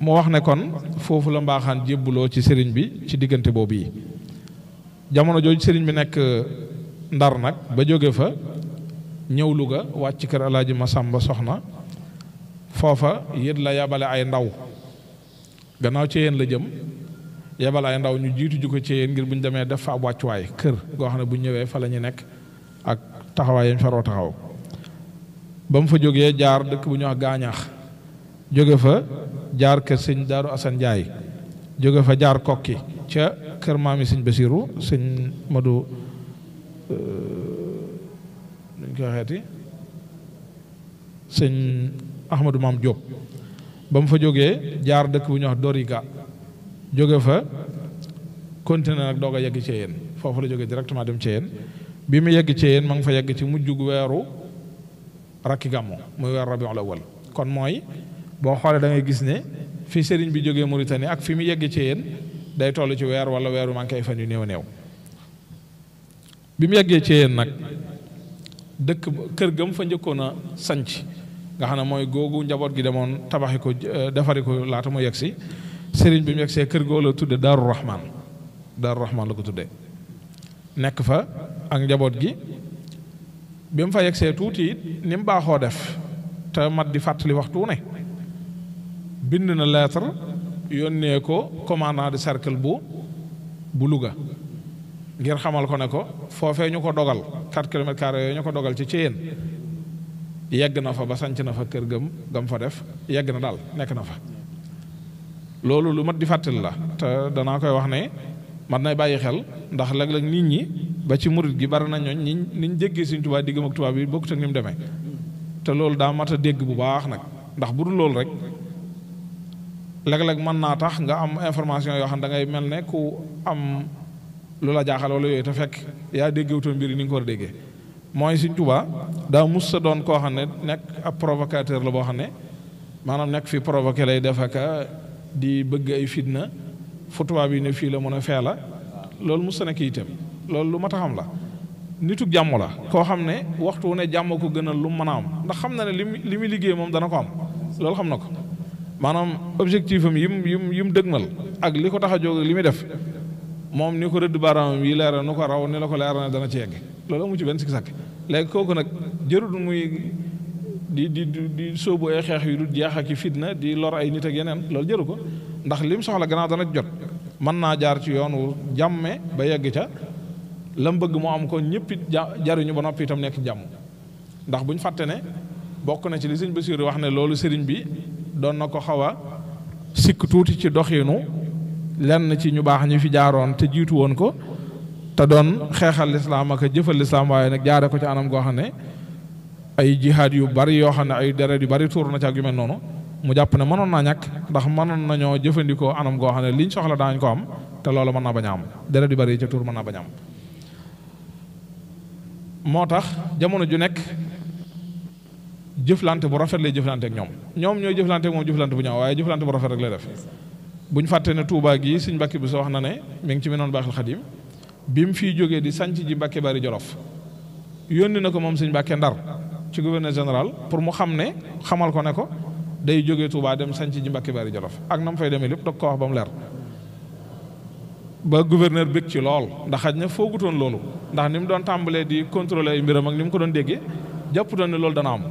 moo wax ne kon foofu la mbaaxaan jébbuloo ci sëriñ bi ci diggante boobu yi jamono jooju sëriñ bi nekk ndar nag ba jóge fa ñëw Louga wàcc kër alaaji sàmba soxna foofa yéen la yabale ay ndaw gannaaw ci yéen la jëm yabal ay ndaw ñu jiitu ju ko ci yéen ngir bu ñu demee def fa ab wàccuwaay kër goo xam ne bu ñu ñëwee fa la ñu nekk ak taxawaay yañ faroo taxaw ba mu fa jógee jaar dëkk bu ñuy wax gaañaax jóge fa jaar kër sëñ Daaru Asan Njaay jóge fa jaar kokki ca kër maami sëñ Basiru sëñ Madu euh, ko waxeeti sëñ Ahmadou Maam Diop ba mu fa jógee jaar dëkk bu ñuy wax Doriga jóge fa continué nag doog a yegg ci foofu la jógee directement dem ci bi mu yegg ci yéen ngi fa yegg ci mujjug weeru rakki gàmmu muy weer rabiul awal kon mooy boo xoolee dangay gis ne fi sëriñ bi jógee Mauritanie ak fi mu yegg ci yéen day toll ci weer wala weeru manqué ay fan yu néew néew bi mu yeggee ci nag dëkk kër gam fa njëkkoon a sanc nga xam ne mooy googu njaboot gi demoon tabaxi ko euh, defari ko laata mu yegsi sëriñ bi mu yegsee kër goo la tudde daaru rahman daaru rahman la ko tudde nekk fa ak njaboot gi bi mu fa yegsee tuuti it ni mu baaxoo def te mat di fàttali waxtu ne bind na lettre yónnee ko commandant de cercle bu bu Louga ngir xamal ko ne ko foofee ñu ko dogal 4 kilomètres carrés yooyu ñu ko dogal ci Thiéyène yegg na fa ba sanc na fa kër gam gam fa def yegg na daal nekk na fa loolu lu mat di fàttali la te danaa koy wax ne man nay bàyyi xel ndax léeg-léeg nit ñi ba ci murit gi bari na ñooñ ñi niñ déggee suñ tubaab diggam ak tubaab yi bokkut ak ni mu demee te loolu daa mat a dégg bu baax nag ndax bu dul loolu rek léeg-léeg mën naa tax nga am information yoo xam da ngay mel ne ku am lu la jaaxal wala yooyu fekk yaa déggewutoo mbir yi ni nga ko war a déggee mooy Sëñ Tuubaa daa mus sa doon koo xam ne nekk ab provocateur la boo xam ne maanaam nekk fi provoqué lay def ak di bëgg ay fitna fu tubaab yi fii la mën a fee la loolu mus sa nekk loolu lu ma taxam la nitu jàmm la koo xam ne waxtu ne jàmm ko gënal lu mën a am ndax xam na ne li mu li muy liggéey moom dana ko am loolu xam na ko maanaam objectif am yim yim yim dëgmal ak li ko tax a jóg li muy def moom ni ko rëdd baaraamam yi leeral nu ko raw ni la ko leeral ne dana ci yegg loolu amu ci benn sikki sàkk léegi kooku nag jërul muy di di di sóobu ay xeex yu du jeex ak fitna di lor ay nit ak yeneen loolu jëru ko ndax lim soxla gannaaw dana jot mën naa jaar ci yoon wu jàmme ba yegg ca lam bëgg moo am ko ñëpp it jariñu ba noppi itam nekk jàmm ndax buñ ñu fàtte ne bokk na ci li sëñ Basiiru wax ne loolu sëriñ bi doon na ko xaw a sikk tuuti ci doxiinu lenn ci ñu baax ñu fi jaaroon te jiitu woon ko te doon xeexal lislaam ak jëfal lislaam waaye nag jaare ko ci anam goo xam ne ay jihaad yu bari yoo xam ne ay deret yu bari tuur na ci yu mel noonu mu jàpp ne mënoon naa ñàkk ndax mënoon nañoo jëfandikoo anam goo xam ne liñ soxla daañ ko am te loolu mën naa bañ a am deret yu bari yi ca mën naa bañ a moo tax jamono ju nekk jëflante bu rafet lay jëflante ñoom ñoom ñooy jëflante ak moom jëflante bu ñaaw waaye jëflante bu rafet rek lay def bu ñu fàtte ne Touba gii suñ Mbàkke bi sa wax na ne mi ngi ci menoon baaxal xadim bi mu fiy jógee di sanc ji Mbàkke bari Jolof yónni na ko moom suñ Mbàkke Ndar ci gouverneur général pour mu xam ne xamal ko ne ko day jógee Touba dem sanc ji Mbàkke bari Jolof ak na mu fay demee lépp dog ko wax ba mu leer ba gouverneur bëgg ci lool ndax xaj na foogutoon loolu ndax ni mu doon tàmbalee di contrôler ay mbiram ak ni mu ko doon déggee jàpputoon ne loolu dana am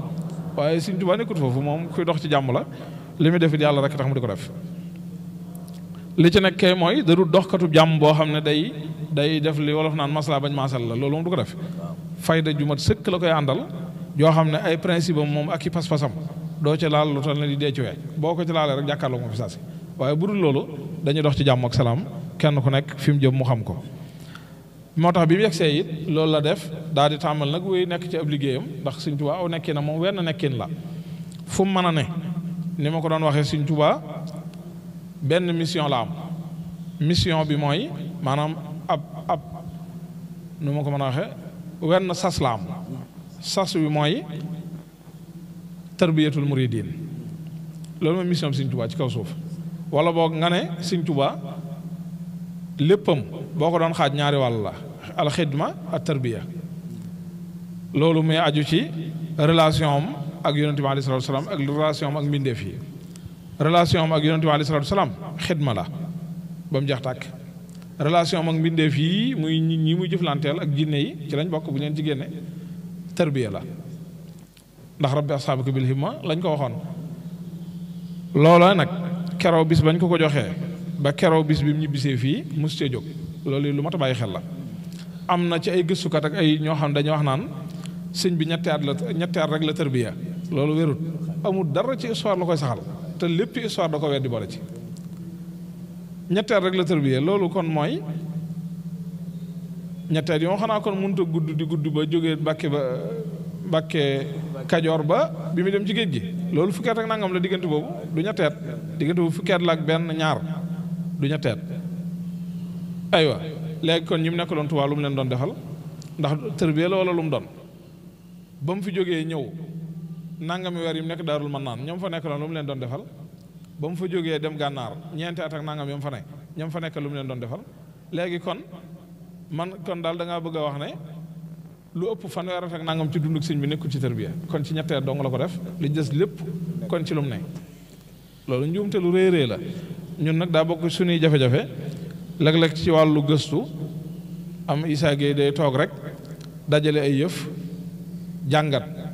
waaye suñ Touba foofu moom kuy dox ci jàmm la li muy def it rek tax mu di ko def li ci nag kay mooy da du doxkatu jàmm boo xam ne day day def li wolof naan maslaa bañ maasal la loolu moom du ko def fayda ju mat sëkk la koy àndal yoo xam ne ay principe am moom ak i pas-pasam doo ci laal lu toll ne di dee ci weej boo ko ci laalee rek jàkkaarloo moom fi saasi waaye bu dul loolu dañuy dox ci jàmm ak salaam kenn ku nekk fi mu jëm mu xam ko moo tax bi mu yegsee it loolu la def daal di tàmbal nag wéy nekk ci ab liggéeyam ndax Sëñ Tuubaa aw nekkin na moom wenn nekkin la fu mu mën a ne ni ma ko doon waxee Sëñ benn mission la mission bi mooy maanaam ab ab nu ma ko mën a waxe wenn sas la sas bi mooy tarbiyatul muridin loolu mooy mission bi Sëñ Tuubaa ci kaw suuf wala boog nga ne Sëñ Tuubaa léppam boo ko doon xaaj ñaari wàll la alxidma ak tarbiya loolu muy aju ci relation ak yonent bi aleyhi salaatu ak relation am ak mbindeef yi relation am ak yonente bi aleyhi salaatu xidma la ba mu jeex tàkk relation am ak mbindeef yi muy nit ñi muy jëflanteel ak jinne yi ci lañ bokk bu leen ci génne tarbiya la ndax rabbi asxaabaka bil himma lañ ko waxoon loola nag keroo bis bañ ko ko joxee ba keroo bis bi mu ñibbisee fii mos cee jóg loolu lu mat a xel la am na ci ay gëstukat ak ay ñoo xam dañuy wax naan sëñ bi ñetti at la ñetti at rek la tarbiya loolu wérut amul dara ci histoire la koy saxal te lépp histoire da ko weddi boole ci ñetteel rek la tërbiyee loolu kon mooy ñetteel yi xanaa kon mënut a gudd di gudd ba jógee Mbàkke ba Mbàkke Kajoor ba bi mu dem ci géej gi loolu fukkeet ak nangam la diggante boobu du ñetteet diggante boobu fukkeet la ak benn ñaar du ñetteet aywa léegi kon ñi mu nekkaloon Tuubaa lu mu leen doon defal ndax tërbiyee la wala lu mu doon ba mu fi jógee ñëw nangami weer yi mu nekk daarul man naan ñoom fa nekk loon lu mu leen doon defal ba mu fa jógee dem gànnaar ñeenti at ak nangam yom fa nekk ñoom fa nekk lu mu leen doon defal léegi kon man kon daal da bëgg a wax ne lu ëpp fanweer at ak nangam ci dunduk siñ bi nekkul ci tërbiya kon ci ñettee dong la ko def lu des lépp kon ci lu mu ne loolu njuumte lu rëy rëy la ñun nag daa bokk suñuy jafe-jafe léeg-léeg ci wàllu gëstu am Issa Gueye day toog rek dajale ay yëf jàngat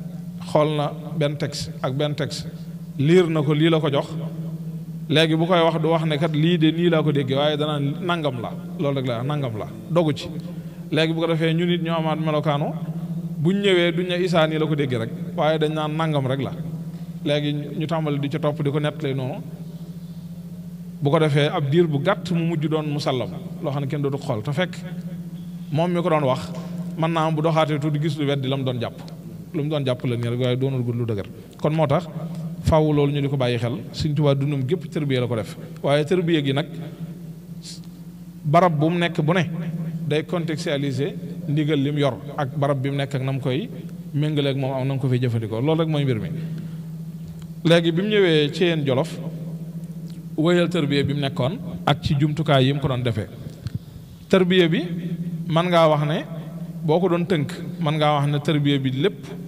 xool na benn texte ak benn texte liir na ko lii la ko jox léegi bu koy wax du wax ne kat lii de nii laa ko dégge waaye dana nangam la loolu rek la nangam la dogu ci léegi bu ko defee ñu nit ñoo amaat melokaanu buñ ñëwee duñ ne isaa nii la ko déggee rek waaye dañ naan nangam rek la léegi ñu tàmbali di ci topp di ko nett nettali noonu bu ko defee ab diir bu gàtt mu mujj doon musallam loo xam ne kenn dootu xool te fekk moom mi ko doon wax mën naa am bu doxaatee tuuti gis lu weddi la mu doon jàpp lu mu doon jàpp la nii rek waaye doonul gudd lu dëgër kon moo tax faaw loolu ñu di ko bàyyi xel Sëriñ Tuubaa dundum gépp tërbiye la ko def waaye tërbiye gi nag barab bu mu nekk bu ne day contextualiser ndigal lim yor ak barab bi mu nekk ak na mu koy méngaleeg moom am na ko fay jëfandikoo loolu rek mooy mbir mi. léegi bi mu ñëwee ci jolof wéyal tërbiye bi mu nekkoon ak ci jumtukaay yi mu ko doon defee tërbiye bi man ngaa wax ne boo ko doon tënk mën ngaa wax ne tërbiye bi lépp.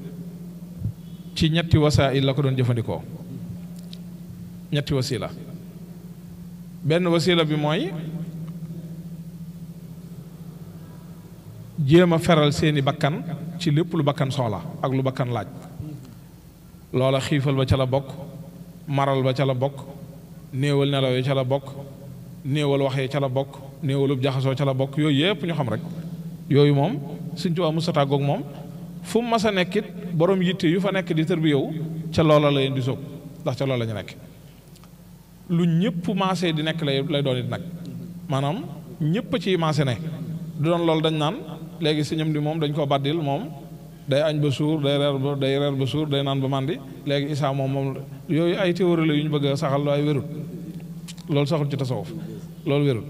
ci ñetti wasaa'il la ko doon jëfandikoo ñetti wasila benn wasila bi mooy jéem a feral seeni bakkan ci lépp lu bakkan soxla ak lu bakkan laaj loola xiifal ba ca la bokk maral ba ca la bokk néewal nelaw yi ca la bokk néewal wax ca la bokk néewalub jaxasoo ca la bokk yooyu yépp ñu xam rek yooyu moom Sëñ Tuubaa musa tàggoog moom fu mu mas a nekkit borom yitte yu fa nekk di tër bi yow ca loola la leen di sóob ndax ca loola la ñu nekk lu ñëpp maasee di nekk lay lay doon it nag maanaam ñëpp a ciy maase ne du doon loolu dañ naan léegi si ñam di moom dañ koo baddil moom day añ ba suur day reer ba day reer ba suur day naan ba màndi léegi isaa moom moom yooyu ay théorie la yu ñu bëgg a saxal ay wérut loolu saxul ci tasawuf loolu wérut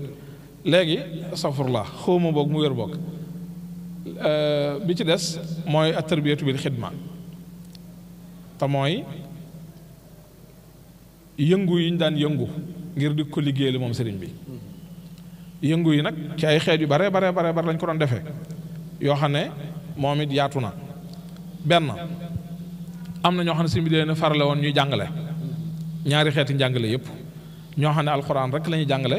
léegi safurlaa xawma boog mu wér boog bi ci des mooy at tarbiyatu bil xidma te mooy yëngu yi ñu daan yëngu ngir di ko liggéeyal moom sëriñ bi yëngu yi nag ci ay xeet yu bare bare bare bare lañ ko doon defee yoo xam ne moom it yaatu na benn am na ñoo xam ne sëriñ bi farale woon ñuy jàngale ñaari xeeti njàngale yëpp ñoo xam ne alxuraan rek la ñuy jàngale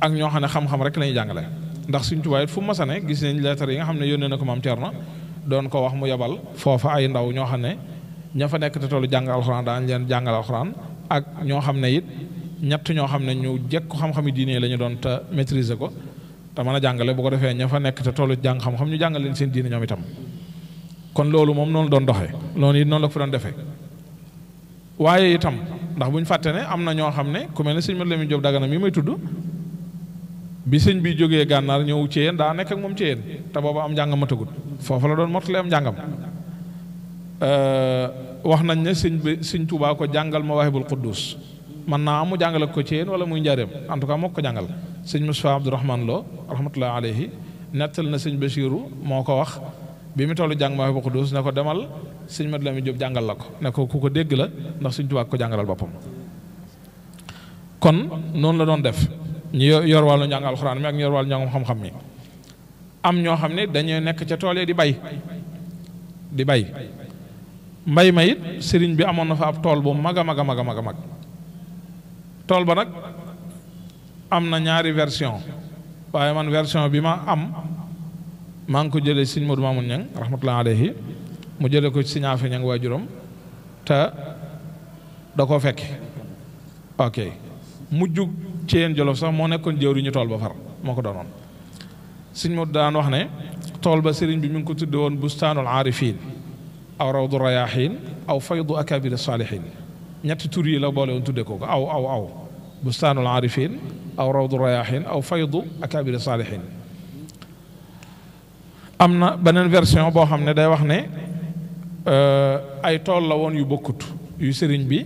ak ñoo xam ne xam-xam rek la ñuy jàngale ndax suñ tubaab it fu mu masane gis nañ lettre yi nga xam ne yónnee na ko maam na doon ko wax mu yebal foofa ay ndaw ñoo xam ne ña fa nekk te tollu jàng alxuraan daan leen jàngal alxuraan ak ñoo xam ne it ñett ñoo xam ne ñu jekku xam-xami diine la ñu doon te ko te mën a jàngale bu ko defee ña fa nekk te tollu jàng ñu jàngal leen seen diine ñoom itam kon loolu moom noonu doon doxee noonu it noonu la ko doon defee waaye itam ndax bu ñu fàtte ne am na ñoo xam ne ku mel ne la Mame Lamine Diop na mi may tudd bi sëñ bi jógee gànnaar ñëwu ci yéen daa nekk moom ci te booba am njàngam matagul foofu la doon mottali am njàngam euh, wax nañ ne sëñ bi sëñ Tuubaa ko jàngal ma Mawaahibul Quddus man naa amu jàngale ko ci yéen wala muy njaareem en tout cas moo ko jàngal sëñ Mustafaa Abdurahmaan Lo rahmatullahi alayhi nettal na sëñ Basiiru moo ko wax bi mu tollu jàng Mawaahibul Quddus ne ko demal sëñ Madu Lamin Jóob jàngal la ko ne ko ku ko dégg la ndax sëñ Tuubaa ko jàngalal boppam noonu la doon def ñu yor wàllu njàng mi ak ñu yor wàllu njàngum xam-xam mi am ñoo xam ne dañuy nekk ca tool yi di bay di bay mbay ma it sëriñ bi amoon na fa ab tool bu mag a mag a mag a mag tool ba nag am na ñaari version waaye man version bi ma am maa ngi ko jëlee sëriñ Modou Mamoun Niang rahmatullahi alayhi mu jëlee ko ci ñaafe Niang waajuram te da koo fekke ok mujj ci yéen jolof sax moo nekkoon jëwriñu tool ba far moo ko doonoon sëñ mu daan wax ne tool ba sëriñ bi mi ngi ko tudde woon bustaanul aarifin aw rawdu rayahin aw faydu akabir salihin ñetti tur yi la boole woon ko ko aw aw aw bustaanul aarifin aw rawdu rayahin aw faydu am na beneen version boo xam ne day wax ne euh, ay tool la woon yu bokkut yu sëriñ bi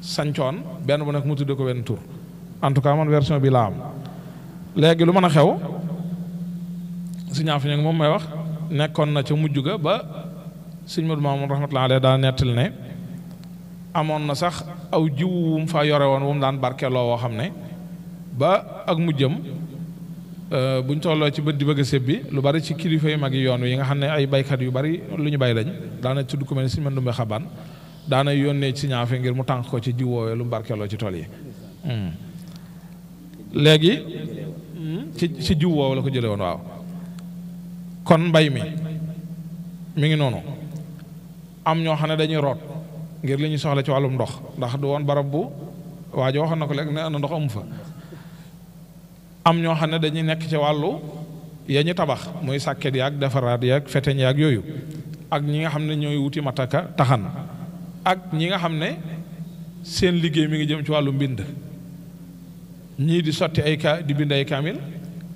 sancoon benn bu nekk mu tudde ko benn tur en tout cas man version bi laa am léegi lu mën a xew si ñaa fi moom may wax nekkoon na ca mujj ga ba sëñ Modou Mamoun rahmatullahi alayhi daa nettali ne amoon na sax aw jiw wu fa yore woon wu mu daan barkeeloo woo xam ne ba ak mujjam euh, buñ tolloo ci bët di bëgg a séb lu bari ci kilifa yu mag yi yoon wi yi nga xam ne ay baykat yu bari lu ñu bay lañ daana tudd ku mel ni sëñ Mandumbe Xabaan daana yónnee ci ñaafe ngir mu tànk ko ci jiw woowee lu mu barkeeloo ci tool yi hmm. léegi ci ci jiw woowu la ko jëlee woon waaw kon mbay mi mu ngi noonu am ñoo xam ne dañuy root ngir li ñuy soxla ci wàllum ndox ndax du woon barab bu waa ji waxoon na ko léegi ne na ndox amu fa am ñoo xam ne dañuy nekk ci wàllu ya ñu tabax muy sàkket yaag defaraat yaag feteñ yaag yooyu ak ñi nga xam ne ñooy wuti mataka taxan ak ñi nga xam ne seen liggéey mi ngi jëm ci wàllu mbind ñii di sotti ay ka di bind ay kaamil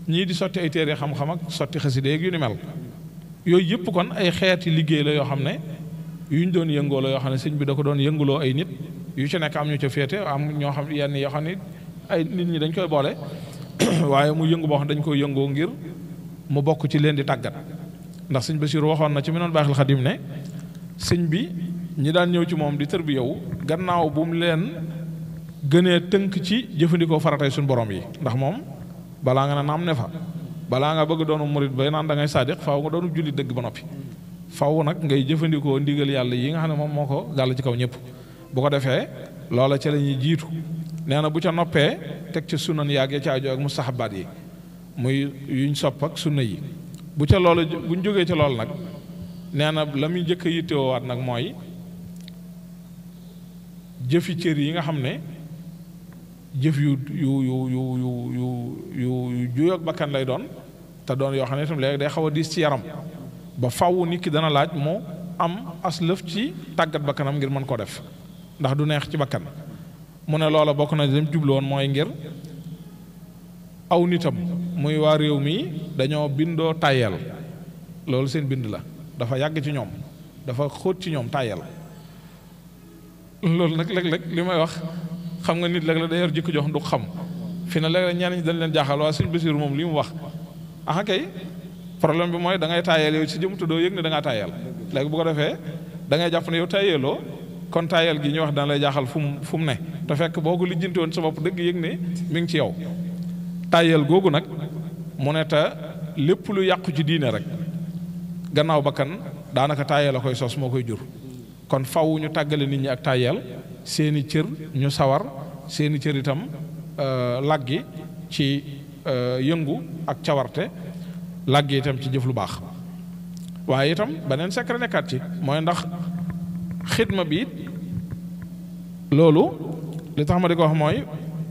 ñii di sotti ay téere xam-xam ak sotti xasida yeeg yu ni mel yooyu yëpp kon ay xeeti liggéey la yoo xam ne yu ñu doon yëngoo la yoo xam ne sëñ bi da ko doon yëngaloo ay nit yu ci nekk am ñu ca féete am ñoo xam yenn yoo xam ne ay nit ñi dañ koy boole waaye mu yëngu boo xam dañ koy yëngoo ngir mu bokk ci leen di tàggat ndax sëñ Basiru waxoon na ci mu noon baaxil xadim ne sëñ bi ñi daan ñëw ci moom di tër bi yow gannaaw bu mu leen gënee tënk ci jëfandikoo faratay suñu boroom yi ndax moom balaa nga ne am ne fa balaa nga bëgg doonu murit ba naan da ngay saadiq faaw nga doonu jullit dëgg ba noppi faaw nag ngay jëfandikoo ndigal yàlla yi nga xam ne moom moo ko gàll ci kaw ñëpp bu ko defee loola ca la jiitu nee na bu ca noppee teg ca sunan yaag ya ca aju ak mustahabaat yi muy yuñ sopp ak sunna yi bu ca loolu buñ jógee ca loolu nag nee na la muy njëkk a waat nag mooy jëfi cër yi nga xam ne jëf yu yu yu yu yu yu yu yu juyoog bakkan lay doon te doon yoo xam ne itam léegi day xaw a diis ci yaram ba fàww nit ki dana laaj mu am as lëf ci tàggat bakkanam ngir mën koo def ndax du neex ci bakkan mu ne loola bokk na dem jublu woon mooy ngir aw nitam muy waa réew mi dañoo bindoo tàyyeel loolu seen bind la dafa yàgg ci ñoom dafa xóot ci ñoom tàyyeel loolu nag léeg-léeg li may wax xam nga nit léeg-léeg day yor jikko jox du xam fi na léeg-léeg ñi dañ leen jaaxal waa suñu Basiiru moom li mu wax ah kay problème bi mooy da ngay taayal yow si jëm te doo yëg ne da ngaa taayal léegi bu ko defee da jàpp ne yow taayaloo kon taayal gi ñuy wax dana lay jaaxal fu mu fu mu ne te fekk boo ko lijjanti woon sa bopp dëgg yëg ne mi ngi ci yow taayal googu nag mu ne te lépp lu yàqu ci diine rek gannaaw bakkan daanaka taayal a koy sos moo koy jur kon faw ñu tàggale nit ñi ak taayal seeni cër ñu sawar seeni cër itam euh, laggi ci euh, yëngu ak cawarte làggi itam ci jëf lu baax waaye itam beneen secret nekkaat ci mooy ndax xidma bi loolu li tax di ko wax mooy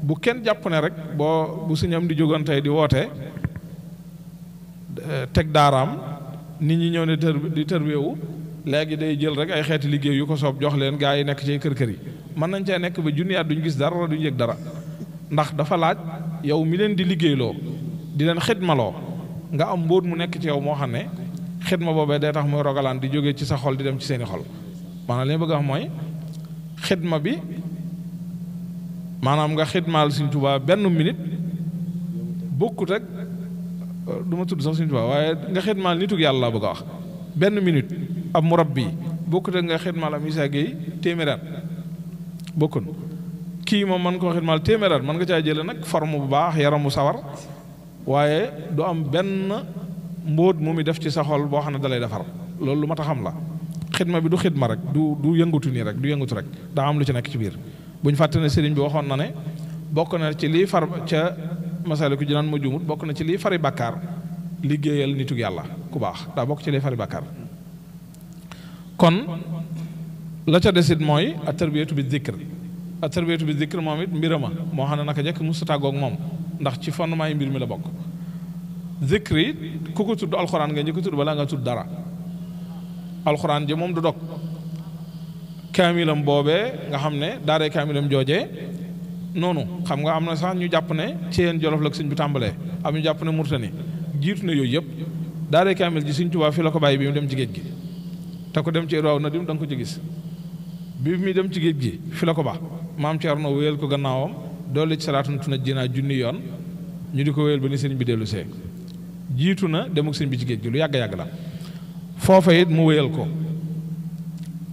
bu kenn jàpp ne rek boo bu suñu am di jógoon tey di woote euh, teg daaraam nit ñi ñëw ne tër di tërweewu léegi day jël rek ay xeeti liggéey yu ko soob jox leen gaa yi nekk ci kër kër yi mën nañ cee nekk ba junni at duñ gis dara duñ yëg dara ndax dafa laaj yow mi leen di liggéeyloo di leen xidmaloo nga am mbóot mu nekk ci yow moo xam ne xidma boobee day tax muy rogalaan di jóge ci sa xol di dem ci seeni xol maanaam li bëgg a wax mooy xidma bi maanaam nga xidmaal Sëriñ Tuubaa benn minute bokkut rek du tudd sax Sëriñ Tuubaa waaye nga xidmaal nitug yàlla laa bëgg benn minute ab murabbi bokkut ak nga xidmaal am Issa Gueye téeméeraat bokkun kii moom mën koo xidmaal téeméeraat mën nga caa jële nag forme bu baax yaramu sawar waaye du am benn mbóot mu mi def ci sa xol boo xam ne dalay defar loolu lu ma taxam la xidma bi du xidma rek du du yëngatu nii rek du yëngatu rek daa am lu ci nekk ci biir bu ñu fàtte ne sëriñ bi waxoon na ne bokk na ci lii far ca masaliku jinaan ma juumut bokk na ci lii fari bàkkaar liggéeyal nitug yàlla ku baax daa bokk ci lay fari bàkkaar kon la ca desit mooy a tarbiyatu bi dikr a tarbiyatu bi dikr moom it mbirama moo xam ne naka jekk musta tàggook moom ndax ci fondement yi mbir mi la bokk zikr yi ku ko tudd alxuraan nga njëkk tudd balaa nga tudd dara alxuraan ji moom du dog kaamilam boobee nga xam ne daaree kaamilam joojee noonu xam nga am na sax ñu jàpp ne ci yenn jolof la sëñ bi tàmbalee am ñu jàpp ne murtani jiitu na yooyu yëpp daaray kaamil ji Sëriñ Tuubaa fi la ko baay bi mu dem ci gi te ko dem ci raw na dim da ko ci gis bi muy dem ci géej gi fi la ko baax maam na wéyal ko gannaawam doole ci salaatante na jinaa junni yoon ñu di ko wéyal ba ni sëriñ bi dellu jiitu na dem ak bi ci géej gi lu yàgg yàgg la foofa it mu wéyal ko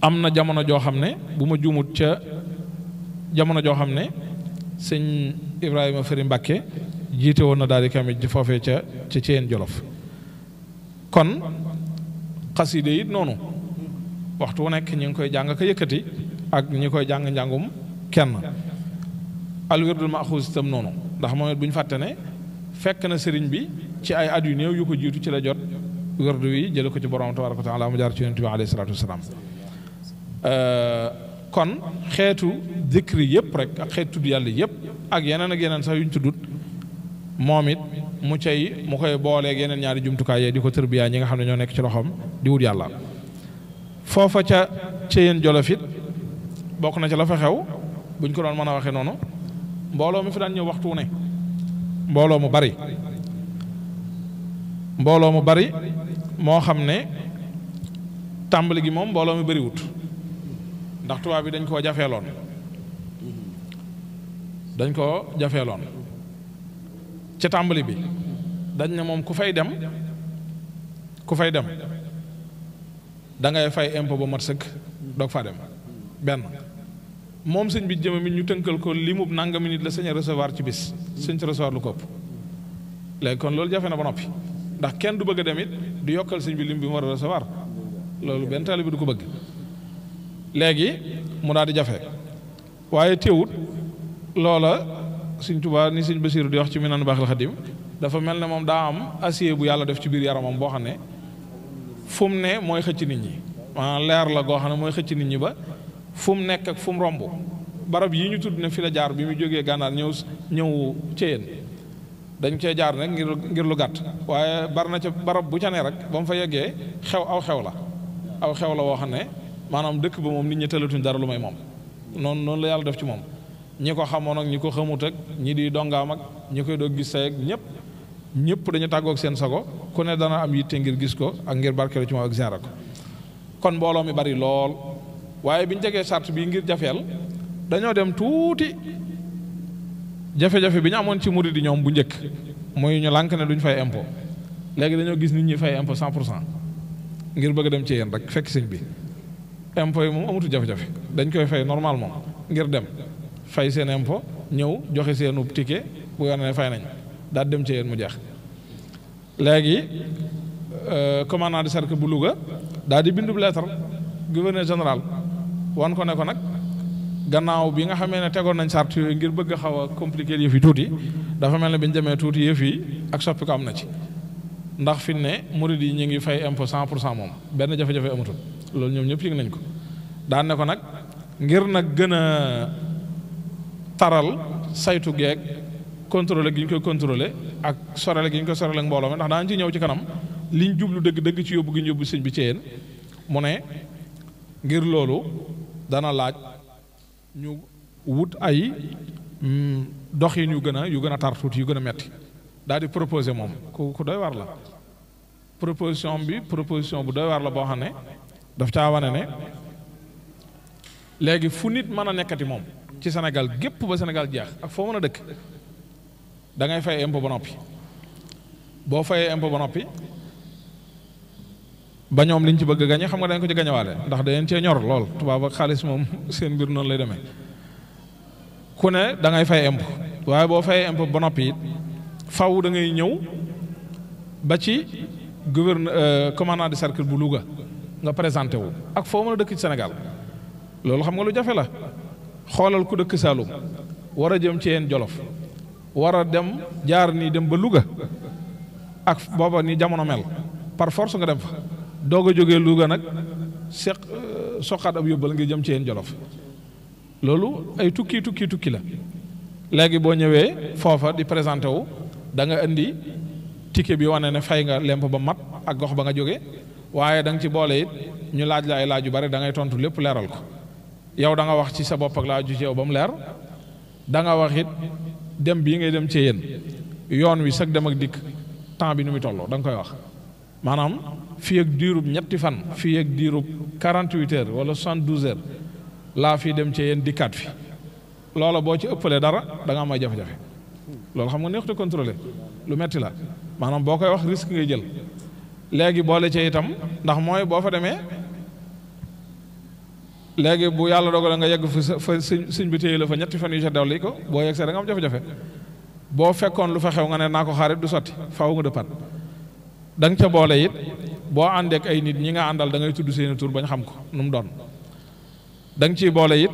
am na jamono joo xam ne bu ma juumut ca jamono joo xam ne sëñ Ibrahima Fari Mbàkke jiite woon na daal di kamit foofee ca ca ceen jolof kon xaside yi noonu waxtu wu nekk ñu ngi koy jàng ko yëkkati ak ñi koy jàng njàngum kenn alwirdul maxuus itam noonu ndax moom it bu ñu fàtte ne fekk na sëriñ bi ci ay at yu néew yu ko jiitu ci la jot wérdu wi jële ko ci borom tabaraka wa taala mu jaar ci yonent bi alayhi salaatu wasalaam kon xeetu dikri yëpp rek ak xeetu tudd yàlla yëpp ak yeneen ak yeneen sax yu ñu tuddut moom it mu cay mu koy booleeg yeneen ñaari jumtukaay yee di ko tërbiyaa ñi nga xam ne ñoo nekk ci loxoom di wut yàlla foofa ca Ceyeen Jolof bokk na ca la fa xew buñ ko doon mën a waxee noonu mbooloo mi fi daan ñëw waxtu ne mbooloo mu bari mu bari moo xam ne tàmbali gi moom mbooloo mi bariwut ndax tubaab bi dañ koo jafeeloon dañ koo jafeeloon ca tàmbali bi dañ ne moom ku fay dem ku fay dem dangay fay impôt ba mat sëkk doog faa dem benn moom sëñ bi jëme mi ñu tënkal ko limub nangami nit la sañ a recevoir ci bis suñ ci recevoir lu ko léegi kon loolu jafe na ba noppi ndax kenn du bëgg a dem it du yokkal sëñ bi lim bi mu war a recevoir loolu benn bi du ko bëgg léegi mu daal di jafe waaye teewut loola sëñ Tuubaa ni sëñ Basiiru di wax ci Minanu Baaxil Xadim dafa mel ne moom daa am acier bu yàlla def ci biir yaramam boo xam ne fu mu ne mooy xëcc nit ñi maanaam leer la goo xam ne mooy xëcc nit ñi ba fu mu nekk ak fu mu romb barab yi ñu tudd ne fi la jaar bi mu jógee gànnaar ñëw ñëw Ceyeen dañ cee jaar nag ngir ngir lu gàtt waaye bar na ca barab bu ca ne rek ba mu fa yeggee xew aw xew la aw xew la woo xam ne maanaam dëkk ba moom nit ñi tëlatuñ dara lu may moom noonu noonu la yàlla def ci moom ñi ko xamoon ak ñi ko xamut ak ñi di dongaam ak ñi koy doog gis seeg ñëpp ñëpp dañu tàggoog seen sago ku ne dana am yitte ngir gis ko ak ngir barkeelu ci moom ak genre kon mbooloo mi bari lool waaye bi ñu tegee bii ngir jafeel dañoo dem tuuti jafe-jafe bi ñu amoon ci murid yi ñoom bu njëkk mooy ñu lànk ne duñ fay impôt léegi dañoo gis nit ñi fay impôt pour cent ngir bëgg dem ci yéen rek fekk bi impôt yi moom amatu jafe-jafe dañ koy fay normalement ngir dem fay seen impôt ñëw joxe seenu ticket bu wane ne fay nañ daal dem ci yéen mu jeex léegi euh, commandant de cercle bu Louga daal di bindub lettre gouverneur général wan ko ne ko nag gannaaw bi nga xamee ne tegoon nañ charte yooyu ngir bëgg a xaw a compliquer yëf yi tuuti dafa mel ne bi ñu demee tuuti yëf yi ak soppi ko am na ci ndax fi ne murid yi ñu ngi fay impôt cent pour cent moom benn jafe-jafe amatul loolu ñoom ñëpp yëg nañ ko daan ne ko nag ngir nag gën taral saytu geeg contrôlé gi ñu koy contrôlé ak sorale gi ñu koy sorale ak mbooloo mi ndax daan ci ñëw ci kanam liñ jublu dëgg dëgg ci yóbbu gi ñu yóbbu sëñ bi ceen mu ne ngir loolu dana laaj ñu wut ay mm, doxin yu gën a yu gën a tar tuuti yu gën a metti daal di proposer moom ku ku doy waar la proposition bi proposition bu doy war la boo xam ne daf caa wane ne léegi fu nit mën a nekkati moom ci Sénégal gépp ba Sénégal jeex ak foo mën a dëkk da fay impôt ba noppi boo fayee impôt ba noppi ba ñoom liñ ci bëgg a gañe xam nga dañ ko ci gañewaale ndax dañ cee ñor lool tubaab ak xaalis moom seen mbir noonu lay demee ku ne da ngay fay impôt waaye boo fayee impôt ba noppi faw dangay ñëw ba ci gouverneur euh, commandant de cercle bu Louga nga présenté wu ak foo mën a dëkk ci Sénégal loolu xam nga lu jafe la. xoolal ku dëkk Saalum war a jëm ci yeen Jolof war a dem jaar nii dem ba Louga ak booba nii jamono mel par force nga dem fa doog a jógee Louga nag seq euh, soqaat ab yóbbal ngir jëm ci yenn Jolof loolu ay tukki tukki tukki la léegi boo ñëwee foofa di présenté wu da nga indi ticket bi wane ne fay nga lemp ba mat ak gox ba nga jóge waaye danga ci boole it ñu laaj la ay laaj yu bare da ngay tontu lépp leeral ko yow da nga wax ci sa bopp ak laa ju ci yow ba mu leer da nga wax it dem bii ngay dem ci yéen yoon wi sag dem ak dikk temps bi nu muy tolloo da nga koy wax maanaam fii ak diirub ñetti fan fii ak diirub 48 heures wala 72 heures laa fii dem ci yéen dikkaat fi loola boo ci ëppalee dara da nga am ay jafe-jafe loolu xam nga neexut a lu metti la maanaam boo koy wax risque ngay jël léegi boole ci itam ndax mooy boo fa demee. léegi bu yàlla dogalee nga yegg fa sëñ bi téye la fa ñetti fan yu ca dolli ko boo yegg see da nga am jafe boo fekkoon lu fa xew nga ne naa ko xaarit du sotti faaw nga dëppaat da nga ca boole it boo àndee ay nit ñi nga àndal da ngay tudd seeni tur bañ xam ko nu mu doon da ciy boole it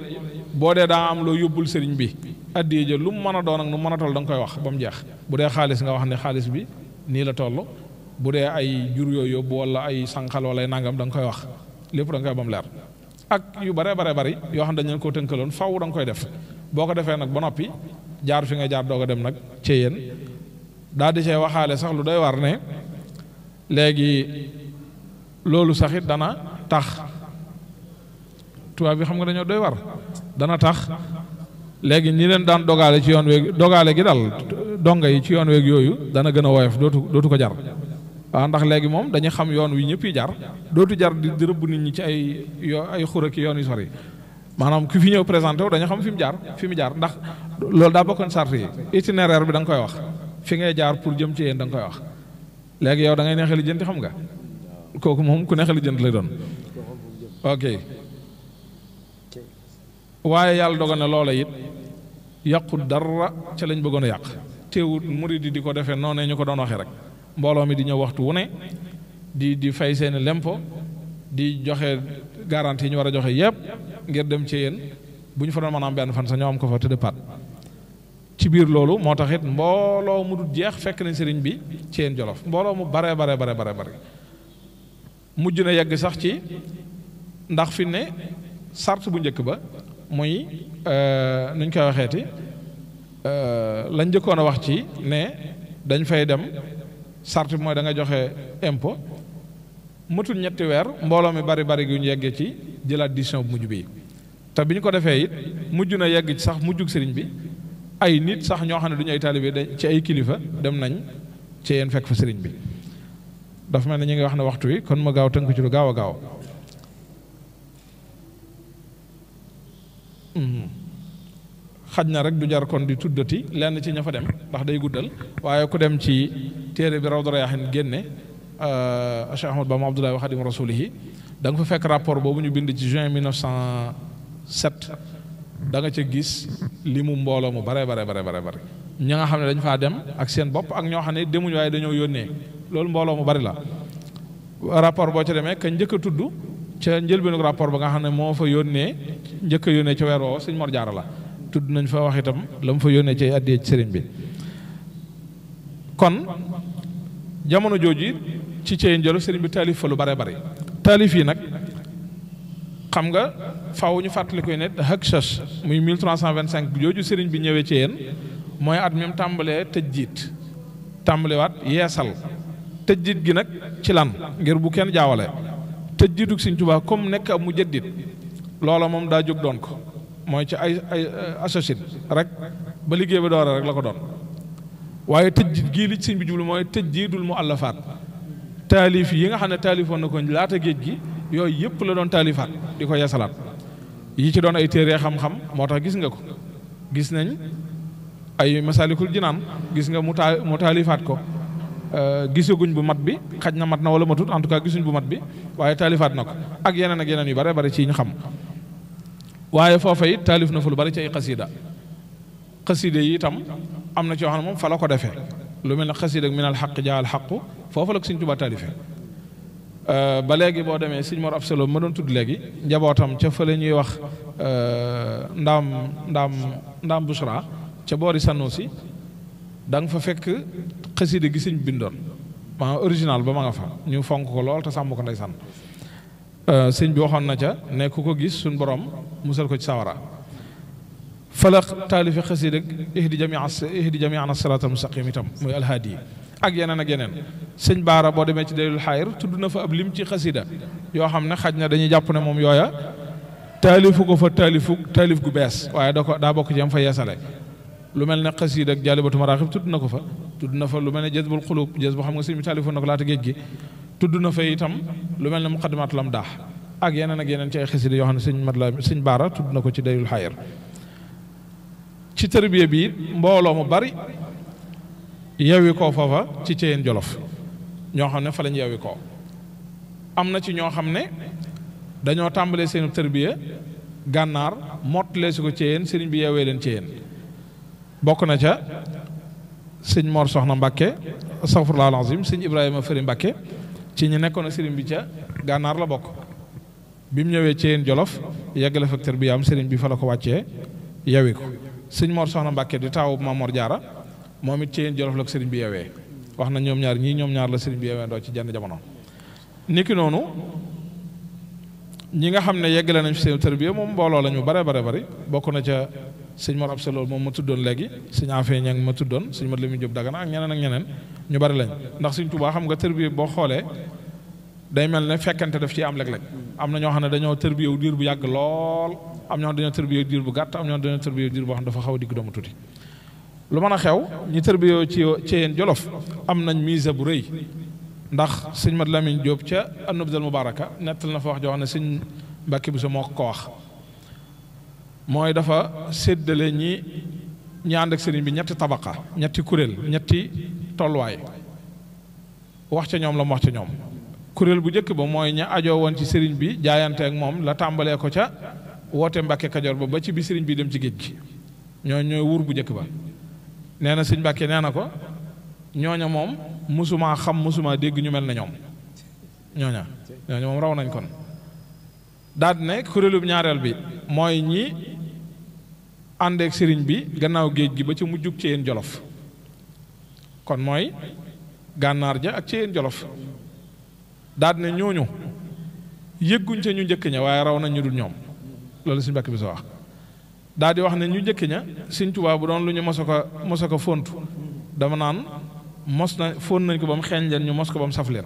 dee daa am loo yóbbul sëriñ bi addiye ja lu mu mën a doon ak nu mu mën a toll da nga koy wax ba mu jeex bu dee xaalis nga wax ne xaalis bi nii la toll bu dee ay jur yooyu yóbbu wala ay sànqal wala nangam da nga koy wax lépp da nga koy ba mu leer ak yu bare bare bari yoo xam dañ leen koo tënkaloon faw danga koy def boo ko defee nag ba noppi jaar fi nga jaar doog a dem nag ci daal di cee waxaale sax lu doy war ne léegi loolu sax it dana tax bi xam nga dañoo doy war dana tax léegi ñi leen daan dogaale ci yoon weeg dogaale gi dal donga yi ci yoon weeg yooyu dana gën a woyof dootu dootu ko jar waaw ndax léegi moom dañu xam yoon wi ñëpp yi jar dootu jar di rëbb nit ñi ci ay yoo ay xura ki yoon yu sori maanaam ku fi ñëw présenté wu dañu xam fi mu jaar fi mu jaar ndax loolu daa bokkoon sart yi itinéraire bi danga koy wax fi ngay jaar pour jëm ci yéen danga koy wax léegi yow da ngay neexali jënti xam nga kooku moom ku neexali jënt lay doon ok waaye yàlla dogal na loola it yàqu dara ca lañ bëggoon a yàq teewut murid yi di ko defee noonu ñu ko doon waxee rek mbooloo mi di ñëw waxtu wu di di fay seeni lempo di joxe garantie yi ñu war a joxe yëpp ngir dem ci yéen bu ñu fa benn fan sax ñoo am ko fa tëdd ci biir loolu moo tax it mu dul jeex fekk nañ sëriñ bi ci yéen jolof mbooloo mu bare bare bare bare bare mujj na yegg sax ci ndax fi ne sart bu njëkk ba muy euh, nuñ koy waxeeti euh, lañ njëkkoon a wax ci ne dañ fay dem sart bi mooy da nga joxe impôt matul ñetti weer mbooloo mi bari bari gi ñu yeggee ci jëlaat décision bu mujj bi te bi ñu ko defee it mujj na yegg ci sax mujjug sëriñ bi ay nit sax ñoo xam ne du ñu ay taalibe dañ ci ay kilifa dem nañ ci yéen fekk fa sëriñ bi dafa mel ne ñu ngi wax ne waxtu wi kon ma gaaw tënk ci lu gaaw a gaaw. Hmm. xaj na rek du jar kon di tuddati lenn ci ña fa dem ndax day guddal waaye ku dem ci téere bi Rawdu Rayaahiin génne euh, Cheikh Ahmad Bamba Abdoulaye wa Xaadimu Rasuulihi da nga fa fekk rapport boobu ñu bind ci juin 1907 da nga ca gis li mu mbooloo mu bare bare bare bare bare ñi nga xam ne dañ faa dem ak seen bopp ak ñoo xam ne demuñu waaye dañoo yónnee loolu mbooloo mu bari la rapport boo ca demee ka njëkk a tudd ca njëlbeenu rapport ba nga xam ne moo fa yónnee njëkk a yónnee ca weer woowa sëñ Mor Jaara la tudd nañ fa wax itam la mu fa yónnee ci àddiyee ci sëriñ bi kon jamono jooju ci ceeyin jolof sëriñ bi taalif fa lu bare bare taalif yi nag xam nga faaw ñu fàttali koy ne Hakshash muy 1325 jooju sëriñ bi ñëwee ceeyin mooy at mi tàmbalee tëj jiit tàmbalewaat yeesal tëj jiit gi nag ci lan ngir bu kenn jaawale tëj jiitu Sëriñ Tuubaa comme nekk ab mu jëddit loola moom daa jóg doon ko mooy ci ay ay eh, associé rek ba liggéey ba doora rek la ko doon waaye tëj gii li sëñ bi jublu mooy tëj jiidul mu àllafaat taalif yi nga xam ne taalifoon na ko laata géej gi yooyu yëpp la doon taalifaat di ko yeesalaat yi ci doon ay téere xam-xam moo tax gis nga ko gis nañ ay masaalikul jinaan gis nga mu taa mu taalifaat ko eh, gisaguñ bu mat bi xaj na mat na wala matut en tout cas gisuñ bu mat bi waaye taalifaat na ko ak yeneen ak yeneen yu bare bare ci ñu xam waaye foofa it taalif na fa lu bari ci ay xasida xasida yi itam am na ci yoo xam moom fa la ko defee lu mel ne xasida mel minal xaq jaal xaqu foofu la ko Sëñ Tuubaa taalifee euh, ba léegi boo demee Sëñ Mor Absalo ma doon tudd léegi njabootam ca fa ñuy wax ndam euh, ndaam ndaam Busra ca boori Sanusi da nga fa fekk xasida gi sëñ bindoon maanaam original ba ma nga fa ñu fonk ko lool te sàmm ko ndeysaan Euh, sëñ bi waxoon na ca ne ku ko gis suñ borom musal ko ci sawara falaq taalifi xasida ak ihdi jami ihdi jami an asirata mustaqim itam muy alhaadi yi ak yeneen ak yeneen sëñ baara boo demee ci daylul xaayir tudd na fa ab lim ci xasida yoo xam ne xaj na dañuy jàpp ne moom yooya taalifu ko fa taalifu taalif gu bees waaye da ko daa bokk ci am fa yeesale lu mel ne xasiid ak jaalibatu maraaxib tudd na ko fa tudd na fa lu mel ne jazbul xuluub jaz boo xam nga sëñ bi taalifoon na ko laata géej gi tudd na fa itam lu mel ne muqaddimaat lam daax ak yeneen ak yeneen ci ay xasida yoo xam ne sëñ mat la sëñ baara tudd na ko ci dayul xayir ci tërbiye bi mbooloo mu bari yewwi koo foofa ci ceyeen jolof ñoo xam ne fa lañ yewwi koo am na ci ñoo xam ne dañoo tàmbalee seenu tërbiye gànnaar mottalee su ko ceyeen sëriñ bi yeewee leen ceyeen bokk na ca sëñ Mor Soxna Mbacke astaghfirullah alazim sëñ Ibrahima Fari Mbacke ci ñi nekkoon a sëriñ bi ca gànnaar la bokk bi mu ñëwee ci yéen Jolof yeggale facteur bi am sëriñ bi fa la ko wàccee yawi ko sëñ Mor Soxna Mbacke di taawu Mamor Jaara moom it ci yéen Jolof la ko bi yewee wax na ñoom ñaar ñii ñoom ñaar la sëriñ bi yewee ndoo ci jenn jamono niki ñi nga xam ne yeggale nañ fi seen tarbiya moom mbooloo la ñu bare bare bari bokk na ca sëñ Mor Absa Lo moom ma tuddoon léegi sëñ Afee Ñang ma doon sëñ Mat Lamin Jóob Dagana ak ñeneen ak ñeneen ñu bari lañ ndax sëñ tubaa xam nga tërbiye boo xoolee day mel ne fekkante daf ciy am léeg-léeg am na ñoo xam ne dañoo tërbiye wu diir bu yàgg lool am ñoo xam dañoo tërbiye diir bu gàtt am ñoo xam dañoo tërbiye diir boo xam dafa xaw a digg doomu tuuti lu mën a xew ñu tërbiyoo ci ci yéen jolof am nañ mise bu rëy ndax sëñ Mat Lamin Jóob ca Annabdal Mubaraka nettal na fa wax joo xam ne sëñ Mbàkke Buso moo ko wax mooy dafa séddale ñi ñi ànd ak sëriñ bi ñetti tabaqa ñetti kuréel ñetti tolluwaay wax ca ñoom la wax ca ñoom kuréel bu njëkk ba mooy ña ajoo woon ci sëriñ bi jaayante ak moom la tàmbalee ko ca woote Mbàkke Kajoor ba ba ci bi sëriñ bi dem ci géej gi ñoo ñooy wuur bu njëkk ba nee na sëñ Mbàkke nee na ko ñooña moom musumaa xam musumaa dégg ñu mel na ñoom ñooña ñooña moom raw nañ kon daal ne ñaareel bi mooy ñi ànd sëriñ bi gannaaw géej gi ba ci mujjug ci yéen jolof kon mooy gànnaar ja ak ci yéen jolof daal ne ñooñu yëgguñ ca ñu njëkk ña waaye raw na ñu dul ñoom loolu suñu bakk bi sa wax wax ne ñu njëkk ña Sëriñ bu doon lu ñu mos a ko mos dama naan mos na fóon nañ ko ba mu xeeñ leen ñu mos ko ba mu saf leen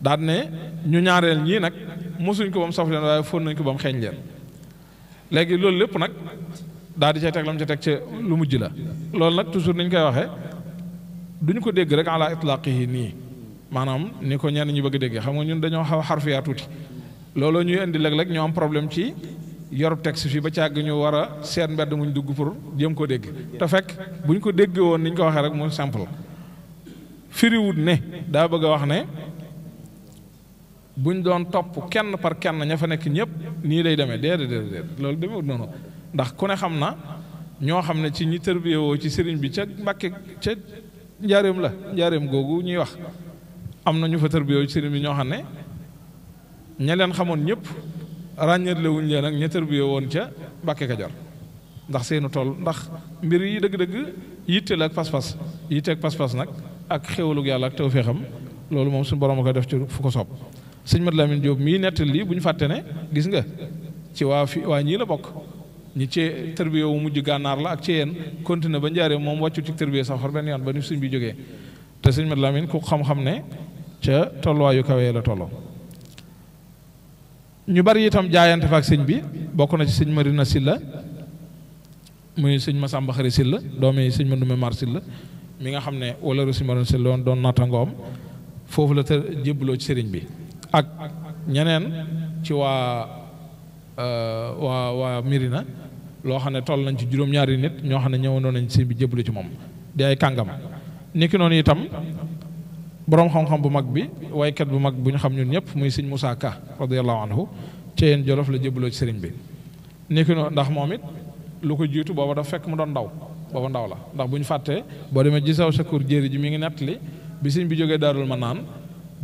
daal ne ñu ñaareel ñii nag mosuñ ko ba mu saf leen waaye fóon nañ ko ba mu xeeñ leen léegi loolu lépp nag daal di cay teg lam ca teg ca lu mujj la loolu nag toujours ni koy waxee duñu ko dégg rek ala yi nii maanaam ni ko ñenn ñu bëgg a déggee xam nga ñun dañoo xaw a xarfiyaa tuuti looloo ñuy indi léeg-léeg ñoo am problème ci yorub texte fii ba càgg ñu war a seet mbedd muñ dugg pour jéem koo dégg te fekk buñ ko déggee woon ni ko waxee rek mu simple wut ne daa bëgg a wax ne buñ doon topp kenn par kenn ña fa nekk ñëpp nii lay demee déedéet déedéet loolu demeewut noonu ndax ku ne xam na ñoo xam ne ci ñi tërbiyewoo ci sëriñ bi ca Mbàkke ca njaareem la njaareem googu ñuy wax am na ñu fa tërbiyewoo ci sëriñ bi ñoo xam ne ña leen xamoon ñëpp ràññatle leen ak ña tërbiyewoo woon ca Mbàkke Kajoor ndax seenu tool ndax mbir yi dëgg-dëgg yitte la ak pas-pas yitte ak pas-pas nag ak xéwalug yàlla ak feexam loolu moom suñ borom a ko def ci fu ko soob sëñ Mat Lamin Jóob mii nettal lii bu ñu fàtte ne gis nga ci waa fi waa ñii la bokk ñu ci tërbiye wu mujj gànnaar la ak ci yéen continué ba njaaree moom wàccu ci tërbiye safar benn yoon ba ni sëñ bi jógee te sëñ Mat Lamin ku xam-xam ne ca tolluwaayu kawee la tolloo ñu bari itam jaayante fa ak sëñ bi bokk na ci sëñ Marina Silla muy sëñ Masamba Xari Silla doomi sëñ Mandume Mar Silla mi nga xam ne wala sëñ Marina Silla woon doon nattangoom foofu la te ci sëriñ bi ak ñeneen ci waa euh, waa waa Mirina loo xam ne toll nañ ci juróom-ñaari nit ñoo xam ne ñëwandoo nañ sëñ bi jébbalu ci moom di ay kàngam niki noonu itam boroom xam-xam bu mag bi waykat bu mag bu ñu xam ñun ñëpp muy sëñ Moussa Ka radiyallahu anhu ci yéen Jolof la jébbaloo ci sëriñ bi niki noonu ndax moom it lu ko jiitu booba dafa fekk mu doon ndaw booba ndaw la ndax bu ñu fàttee boo demee gisaw Sakoor jéeri ji mi ngi nettali bi sëñ bi jógee Daarul Manaan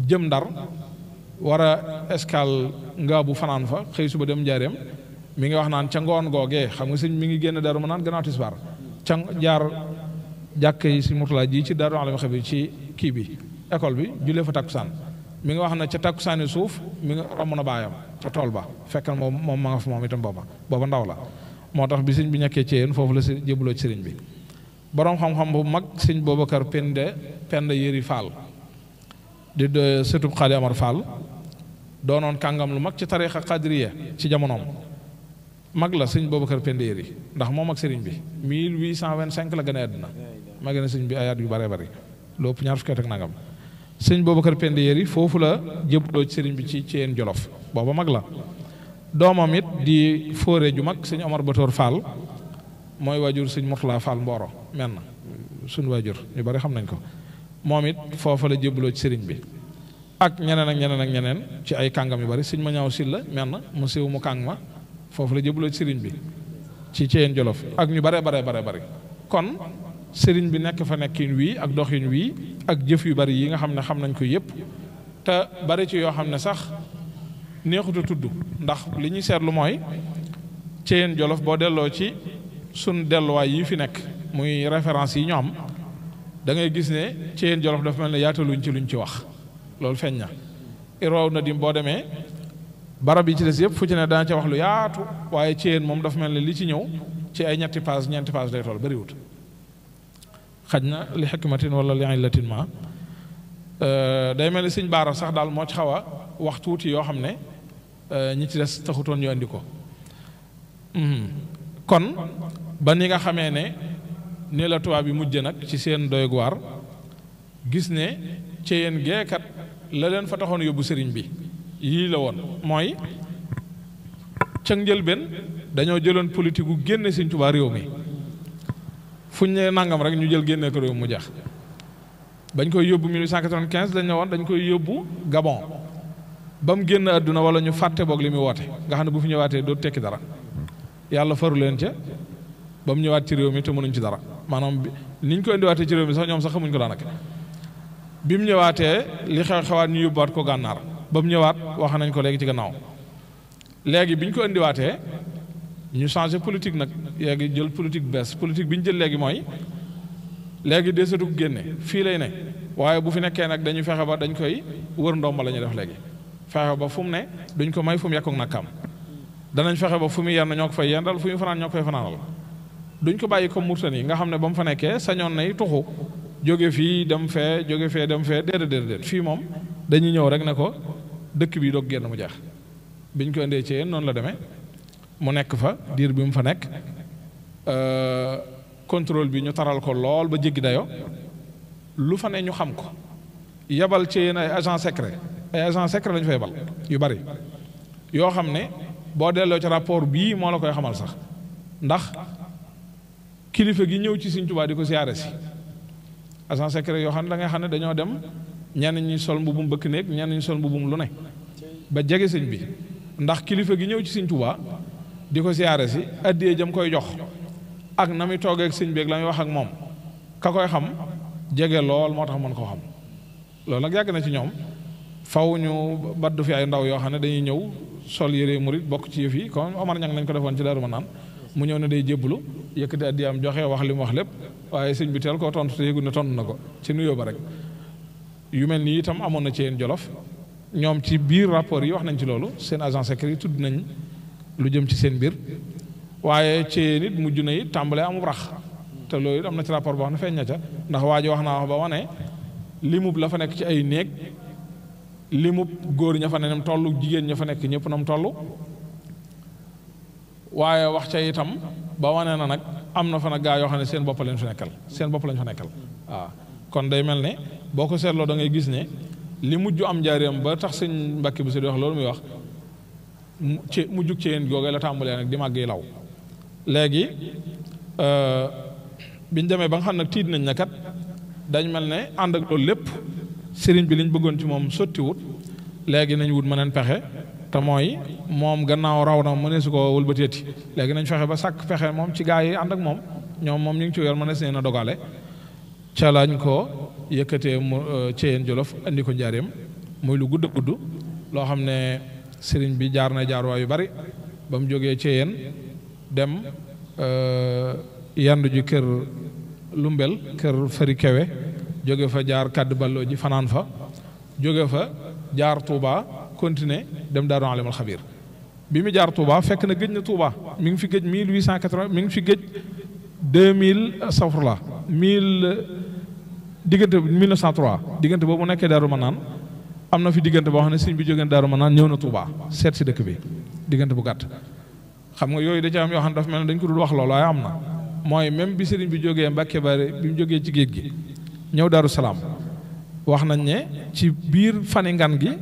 jëm Ndar war a escale bu fanaan fa xëy dem Njaareem mi ngi wax naan ca ngoon googee xam nga sëñ mi ngi génn daru ma naan gannaaw tisbaar ca jaar jàkk yi sëñ Murtala ji ci daru alam xabir ci kii bi école bi julee fa takkusaan mi ngi wax na ca takkusaan yi suuf mi ngi romb na baayam ca tool ba fekk na moom moom ma nga fa moom itam booba booba ndaw la moo tax bi sëñ bi ñekkee ci yéen foofu la si jébbaloo ci bi boroom xam bu mag sëñ Boubacar Pende Pende Yëri Fall di sëtub Xaali Amar Fall doonoon kàngam lu mag ci tariixa Xadriya ci jamonoom mag la sëñ Boubacar Pendéeri ndax moom ak sëriñ bi 1825 la gën a àdduna maa gën a sëñ bi ay yu bare bari lu ëpp ñaar fukki at ak nangam sëñ Boubacar Pendéeri foofu la jëbloo ci sëriñ bi ci ci yeen Jolof booba mag la doomam it di fóore ju mag sëñ Omar Batoor Fall mooy waajur sëñ Mourtala Fall Mboro menn suñ waajur ñu bari xam nañ ko moom it foofa la jëbloo ci sëriñ bi ak ñeneen ak ñeneen ak ñeneen ci ay kàngam yu bari sëñ ma ñaaw sil la menn mu siiw mu kàng ma foofu la jëbuloo sëriñ bi ci Ceyeen Jolof ak ñu bare bare bare bari kon sëriñ bi nekk fa nekkin wii ak doxin wii ak jëf yu bari yi nga xam ne xam nañ ko yëpp te bari ci yoo xam ne sax neexuta tudd ndax li ñuy seetlu mooy Ceyeen Jolof boo delloo ci sun delluwaay yi fi nekk muy référence yi ñu am da gis ne Ceyeen Jolof dafa mel ne yaataluñ ci lu ñu ci wax loolu feeñ na iroow na dim boo demee barab yi ci des yëpp fu ci ne dana ca wax lu yaatu waaye ci yéen moom dafa mel ni li ci ñëw ci ay ñetti paas ñeenti paas day toll bariwut xaj na li xikmatin wala li illatin ma euh, day mel ni sëñ baara sax daal moo ci xaw a wax tuuti yoo xam ne euh, ñi ci des taxutoon ñu andi ko hmm. kon ba ni nga xamee ne ni la tubaab yi mujj nag ci seen doyguwaar gis ne ci yéen geekat la leen fa taxoon yóbbu sëriñ bi yii la woon mooy ca njëlbeen dañoo jëloon politique gu génne Sëñ Tuubaa réew mi fu ñu nee nangam rek ñu jël génne ko réew mu jeex bañ koy yóbbu 1895 dañ ne woon dañ koy yóbbu Gabon ba mu génn àdduna wala ñu fàtte boog li muy woote nga xam ne bu fi ñëwaatee doo tekki dara yàlla faru leen ca ba mu ñëwaat ci réew mi te mënuñ ci dara maanaam ni ñu ko indiwaatee ci réew mi sax ñoom sax xamuñ ko daanaka bi mu ñëwaatee li xew xewaat ñu yóbbuwaat ko gànnaar. ba mu ñëwaat wax nañ ko léegi ci gannaaw léegi bi ñu ko indiwaatee ñu changé politique nag léegi jël politique bees politique bi ñu jël léegi mooy léegi desetu génne fii lay ne waaye bu fi nekkee nag dañu fexe ba dañ koy wër ndomba la ñuy def léegi fexe ba fu mu ne duñ ko may fu mu yekkoog nakam danañ fexe ba fu mu yenn ñoo ko fay yendal fu mu fanaan ñoo ko fay fanaanal duñ ko bàyyi comme murtani nga xam ne ba mu fa nekkee sañoon nay tuxu jóge fii dem fee jóge fee dem fee déedéet déedéet fii moom dañuy ñëw rek ne ko dëkk bi doog génn mu jeex biñ ko indee ci noonu la demee mu nekk fa diir bi mu fa nekk euh, contrôle bi ñu taral ko lool ba jéggi dayo lu fa ne ñu xam ko yabal ci yéen ay agent secret ay agent secret lañu fa yabal yu bari yoo xam ne boo delloo ci rapport bii moo la koy xamal sax ndax kilifa gi ñëw ci Sëñ Tuubaa di ko siyaare si agent secret yoo xam ne da ngay xam ne dañoo dem ñenn ñi sol mbubum bëkk néeg ñenn ñi sol mbubum lu ne ba jege sëñ bi ndax kilifa gi ñëw ci sëñ Tuubaa di ko siyaare si addiyee jam koy jox ak na muy toogeek sëñ bi ak la muy wax ak moom ka koy xam jege lool moo tax mën koo xam loolu nag yàgg na ci ñoom faw ñu baddu fi ay ndaw yoo xam ne dañuy ñëw sol yére murit bokk ci yëf yi comme Omar Ñang lañ ko defoon ci Daaru Manaan mu ñëw ne day jébbalu yëkkati am joxe wax li mu wax lépp waaye sëñ bi teel koo tontu te yëgul ne tontu na ko ci nuyoo ba rek yu mel ni itam amoon na ci yéen jolof ñoom ci biir rapport yi wax nañ ci loolu seen agence secret yi tudd nañ lu jëm ci seen biir waaye ci nit mujj na it tàmbalee amub rax te loolu it am na ci rapport boo xam ne feeñ na ca ndax waa ji wax naa wax ba wane limub la fa nekk ci ay néeg limub góor ña fa ne nam toll jigéen ña fa nekk ñëpp nam toll waaye wax ca yitam ba wane na nag am na fa nag gaa yoo xam ne seen bopp lañ fa nekkal seen bopp lañ fa nekkal waaw kon day mel ne boo ko seetloo da ngay gis ne li mujj am njaareem ba tax sëñ mbakki bu si di wax loolu muy wax ci mujjug ci yéen googee la tàmbalee nag di màgg yi law léegi euh, biñ demee ba nga xam nag tiit nañ ne kat dañ mel ne ànd ak loolu lépp sëriñ bi liñ bëggoon ci moom sotti wut léegi nañ wut mëneen pexe te mooy moom gannaaw raw na mënee su ko wëlbateeti léegi nañ fexe ba sàkk pexe moom ci gaa yi ànd ak moom ñoom moom ñu ngi ci yor mënees nee na dogale ca lañ ko yëkkate mu euh, Ceyeen Jolof andi ko njaareem muy lu gudd gudd loo xam ne sëriñ bi jaar na jaar waa yu bari ba mu jógee Ceyeen dem euh, yandu ji kër mbel kër Fari Kewe jóge fa jaar kàdd balloo ji fanaan fa jóge fa jaar Touba continuer dem Daaru Alimul Xabiir bi mu jaar Touba fekk na gëj na Touba mi ngi fi gëj 1880 mi ngi fi gëj 2000 safrla 1000 diggante 1903 diggante boobu nekkee Daaru Manaan am na fi diggante boo xam ne sëñ bi jógeen Daaru Manaan ñëw na Touba seet si dëkk bi diggante bu gàtt. xam nga yooyu da ci am yoo xam ne dafa mel ne dañ ko dul wax loolu waaye am na mooy même bi sëriñ bi jógee Mbàkke Bari bi mu jógee ci géej gi ñëw Daaru Salaam wax nañ ne ci biir fani ngan gi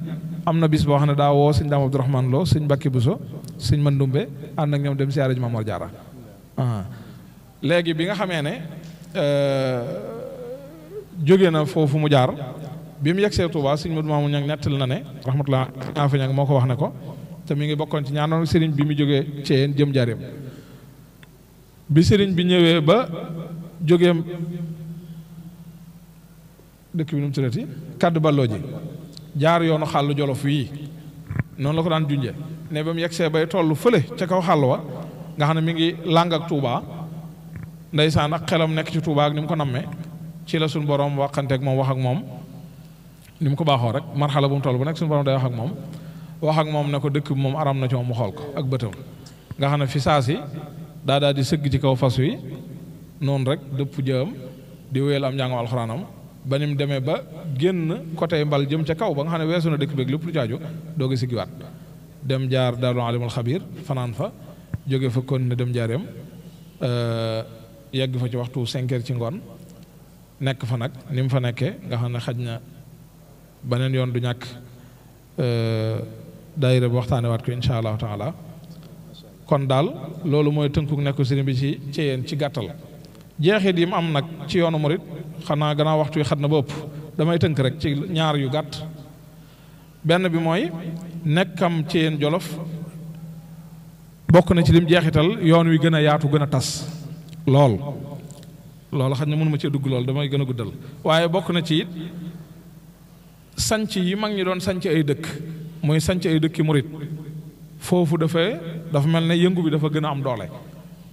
am na bis boo xam ne daa woo sëñ Daam Abdourahmane Lo sëñ Mbàkke Buso sëñ Mandumbe ànd ak ñoom dem siyaare ji Mamoor Jaara ah. léegi bi nga xamee ne euh, jóge na foofu mu jaar bi mu yegsee Touba sëñ Modou Mamoun Niang nettali na ne rahmatullah afa ñang moo ko wax ne ko te mi ngi bokkoon ci ñaanoon sëriñ bi mu jógee Thièyène jëm Njaaréem bi sëriñ bi ñëwee ba jógee dëkk bi nu mu tuddati kaddu balloo ji jaar yoonu xàll jolof wii noonu la ko daan junjee ne ba mu yegsee bay toll fële ca kaw xàll wa nga xam ne mi ngi làng ak Touba ndeysaan ak xelam nekk ci Touba ak ni ko nammee ci la suñu borom waxante ak moom wax ak moom ni mu ko baaxoo rek marxala bu mu toll bu nekk suñu borom day wax ak moom wax ak moom ne ko dëkk moom aram na ci moom mu xool ko ak bëtam nga xam ne fi saa si daa daal di sëgg ci kaw fas wi noonu rek dëpp jëm di wéyal am njàngam alxuraanam ba ni mu demee ba génn côté mbal jëm ca kaw ba nga xam ne weesu na dëkk beeg lépp lu caaju doog a siggiwaat dem jaar daaru alimul xabir fanaan fa jóge fa kon ne dem jaareem euh, yegg fa ci waxtu 5 ci ngoon nekk fa nag ni mu fa nekkee nga xam ne xaj na beneen yoon du ñàkk euh, daayira bi waxtaane waat ko incha allahu taala kon daal loolu mooy tënkuk nekku sëriñ bi ci ci yéen ci gàttal jeexit yi mu am nag ci yoonu murit xanaa ganaa waxtu yi xat na ba ëpp damay tënk rek ci ñaar yu gàtt benn bi mooy nekkam ci yéen jolof bokk na ci lim jeexital yoon wi gën a yaatu gën a tas lool loolu xam ne mënuma cee dugg loolu damay gën a guddal waaye bokk na ci it sanc yi mag ñi doon sanc ay dëkk muy sanc ay dëkki murit foofu dafa dafa mel na yëngu bi dafa gën a am doole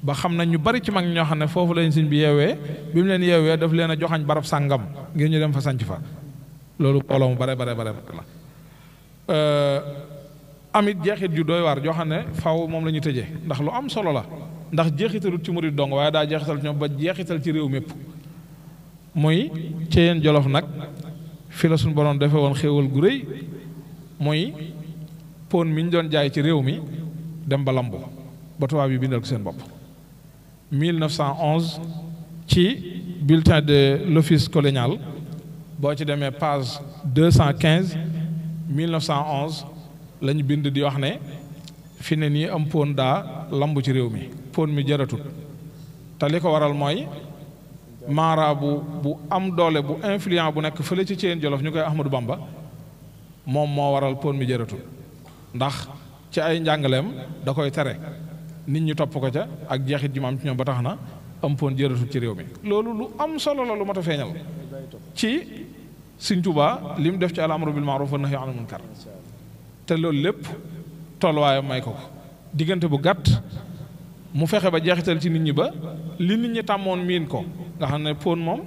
ba xam na ñu bari ci mag ñoo xam ne foofu lañ sëñ bi yeewee bi mu leen yeewee daf leen a joxañ barab sàngam ngeen ñu dem fa sanc fa loolu mbooloo mu bare bare bare la euh, amit jeexit yu dooy waar joxam xam ne faw moom la ñu tëjee ndax lu am solo la ndax jeexitalut ci murid dong waaye daa jeexital ci ñoom ba jeexital ci réew mépp muy Ceyeen Jolof nag fi la suñu borom defee woon xéewal gu rëy mooy pon mi doon jaay ci réew mi dem ba lambu ba tubaab yi bindal ko seen bopp 1911 ci bulletin de l'office colonial boo ci demee page cent 1911 lañu bind di wax ne fi ne nii am pon daa lamb ci réew mi pon mi jaratut te li ko waral mooy maara bu bu am doole bu influent bu nekk fële ci ceen jolof ñu koy Ahmadou Bamba moom moo waral pon mi jaratut ndax ci ay njàngaleem da koy tere nit ñi topp ko ca ak jeexit ji am ci ñoom ba tax na am pon jaratut ci réew mi loolu lu am solo la lu mat a feeñal ci Sëñ Tuubaa li mu def ci al amru bil ma'ruf wa nahyi anil munkar te loolu lépp tolluwaayam may ko ko diggante bu gàtt mu fexe ba jeexital ci nit ñi ba li nit ñi tàmmoon miin ko nga xam ne poon moom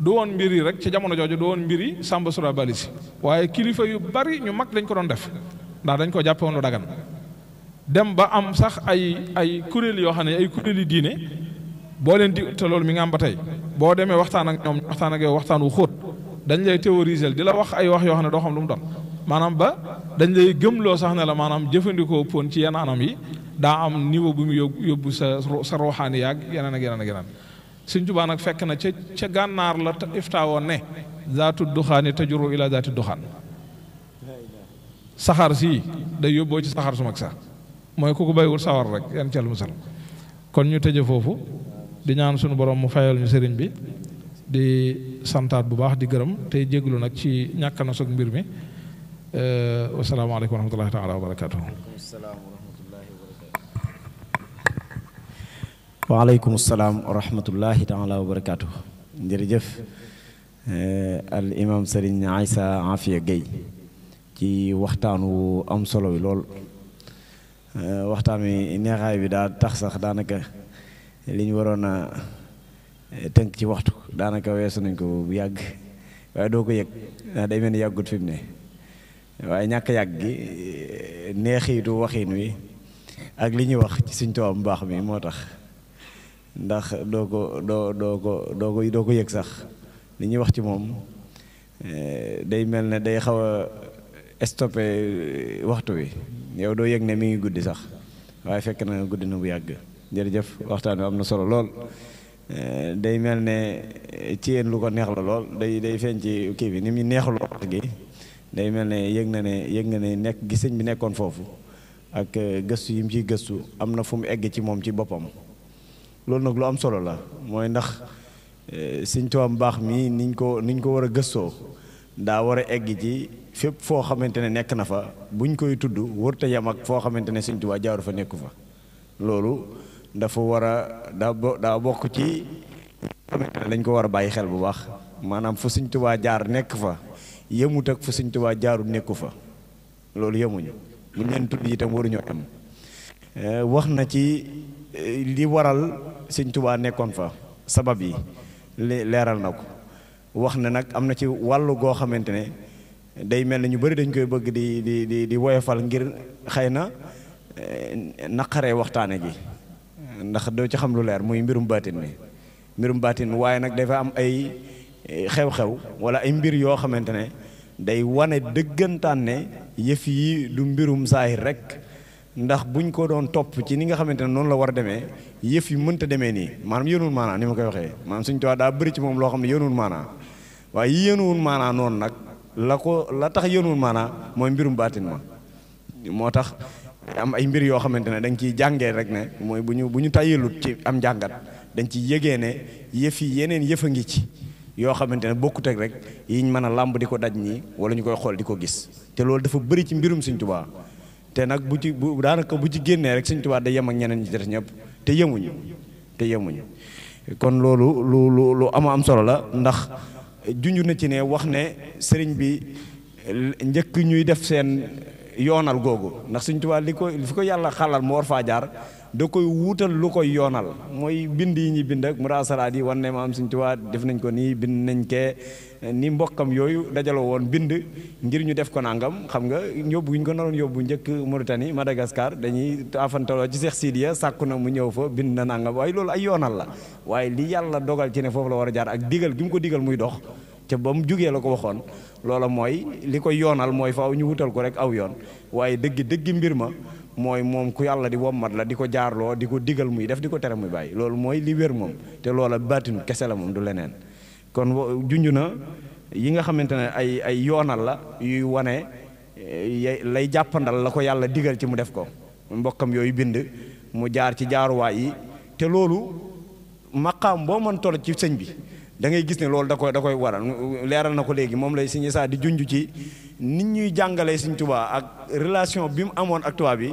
du woon mbir yi rek ci jamono jooju du woon mbir yi Samba Sura Bali si waaye kilifa yu bari ñu mag dañ ko doon def ndax dañ ko jàppoon lu dagan dem ba am sax ay ay kuréel yoo xam ne ay kuréeli diine boo leen di te loolu mi nga am ba tey boo demee waxtaan ak ñoom waxtaan ak yow waxtaan wu xóot dañ lay théoriser di la wax ay wax yoo xam ne doo xam lu mu doon. maanaam ba dañ lay gëmloo sax ne la maanaam jëfandikoo pon ci yenn anam yi daa am niveau bu mu yóbbu sa ruuxaani yaag yeneen ak yeneen ak yeneen suñ Tuubaa nag fekk na ca ca gànnaar la iftaawoon ne zaatu duxaani tajuru ila zaati duxaan saxaar sii day yóbboo ci saxaar su mag sax mooy ku ko bàyyiwul sawar rek yan ci musal kon ñu tëje foofu di ñaan suñu borom mu fayal ñu sëriñ bi di santaat bu baax di gërëm tey jéglu nag ci ñàkk na soog mbir mi Eh, wasalaamaaleykum wa rahmatullahi taala wa barakaatu. waaleykum salaam wa rahmatullahi taala wa barakaatu. jërëjëf eh, ci waxtaanu wu am solo lool eh, waxtaan wi neexaay bi daal tax sax daanaka li ñu waroon tënk ci waxtu daanaka weesu nañ ko bu yàgg waaye doo ko yëg ndax yàggut fi mu ne. waaye ñàkk yàgg gi neexiitu waxiin wi ak li ñuy wax ci suñ tubaab bu baax mi moo tax ndax doo ko doo doo ko doo ko doo ko yëg sax li ñuy wax ci moom eh, day mel ne day xaw a stoppé waxtu wi yow doo yëg ne mi ngi guddi sax waaye fekk na guddi na bu yàgg jërëjëf waxtaan wi am na solo lool eh, day mel ne ci yéen lu ko neex la lool day day feeñ ci kii bi ni muy neexul wax gi day mel ne yëg na ne yëg na ne nekk gi bi nekkoon foofu ak euh, gëstu yi mu ciy gëstu am na fu mu egg ci moom ci boppam loolu nag lu am solo la mooy ndax euh, sëñ Tuubaa baax mii niñ ko niñ ko war a gëstoo daa war a egg ci fépp foo xamante ne nekk na fa buñ koy tudd wërta yam ak foo xamante ne sëñ Tuubaa jaaru fa nekku fa loolu dafa war a daa daa bokk ci xamante dañ ko war a bàyyi xel bu baax maanaam fu sëñ Tuubaa jaar nekk fa yemut ak fu Sëñ Tuubaa jaaru nekku fa loolu yemuñu bu leen tudd itam waruñoo am eh, wax na ci eh, li waral Sëñ Tuubaa nekkoon fa sabab yi leeral na ko wax na nag am na ci wàllu goo xamante ne day mel ne ñu bari dañ koy bëgg di di di di woyofal ngir xëy na eh, naqare waxtaane gi ndax doo ci xam lu leer muy mbirum baatin mi mbirum baatin waaye nag dafa am ay xew-xew walla ay mbir yoo xamante ne day wane dëggantaan ne yëf yi du mbirum saahir rek ndax buñ ko doon topp ci ni nga xamante ne noonu la war a demee yëf yu mënta demee nii maanaam yéenuwul maanaa ni ma koy waxee maanaam suñu tubaab daa bëri ci moom loo xam ne yéenuwul maanaa waaye yi yéenuwul maanaa noonu nag la ko la tax yéenuwul maanaa mooy mbirum baatin ma moo tax am ay mbir yoo xamante ne dañ ciy jàngee rek ne mooy bu ñu bu ñu tàyyalut ci am jàngat dañ ci yëgee ne yëf yi yeneen yëf a ngi ci yoo xamante ne bokkut ak rek yiñ mën a làmb di ko daj nii wala ñu koy xool di ko gis te loolu dafa bari ci mbirum Sëñ Tuubaa te nag bu ci bu daanaka bu ci génnee rek Sëñ Tuubaa day yem ak ñeneen ñi ci des te yemuñu te yemuñu kon loolu lu lu lu ama am solo la ndax junju na ci ne wax ne sëriñ bi njëkk ñuy def seen yoonal googu ndax Sëñ Tuubaa li ko li fi ko yàlla xalal mu war faa jaar da koy wuutal lu koy yoonal mooy bind yi ñuy bind ak muraasalaat yi wan am maam Sëñ Tuubaa def nañ ko nii bind nañ kee ni mbokkam yooyu dajaloo woon bind ngir ñu def ko nangam xam nga yóbbu ñu ko naroon yóbbu njëkk Mauritanie Madagascar dañuy taafantaloo ci Seex Sidiya sàkku na mu ñëw fa bind na nangam waaye loolu ay yoonal la waaye li yàlla dogal ci ne foofu la war a jaar ak digal gi mu ko digal muy dox te ba mu jugee la ko waxoon loola mooy li ko yoonal mooy faaw ñu wutal ko rek aw yoon waaye dëgg dëgg mbir ma mooy moom ku yàlla di wommat la di ko jaarloo di ko digal muy def di ko tere muy bàyyi loolu mooy li wér moom te loola baatinu kese la moom du leneen kon junj na yi nga xamante ne ay ay yoonal la yuy wane eh, lay jàppandal la ko yàlla digal ci mu def ko mbokkam yooyu bind mu jaar ci jaaruwaay yi te loolu maqaam boo mën toll ci sëñ bi da ngay gis ne loolu da koy da koy waral leeral na ko léegi moom lay Sëñ Issa di junj ci nit ñuy jàngalee Sëñ Tuubaa ak relation bi mu amoon ak tubaab bi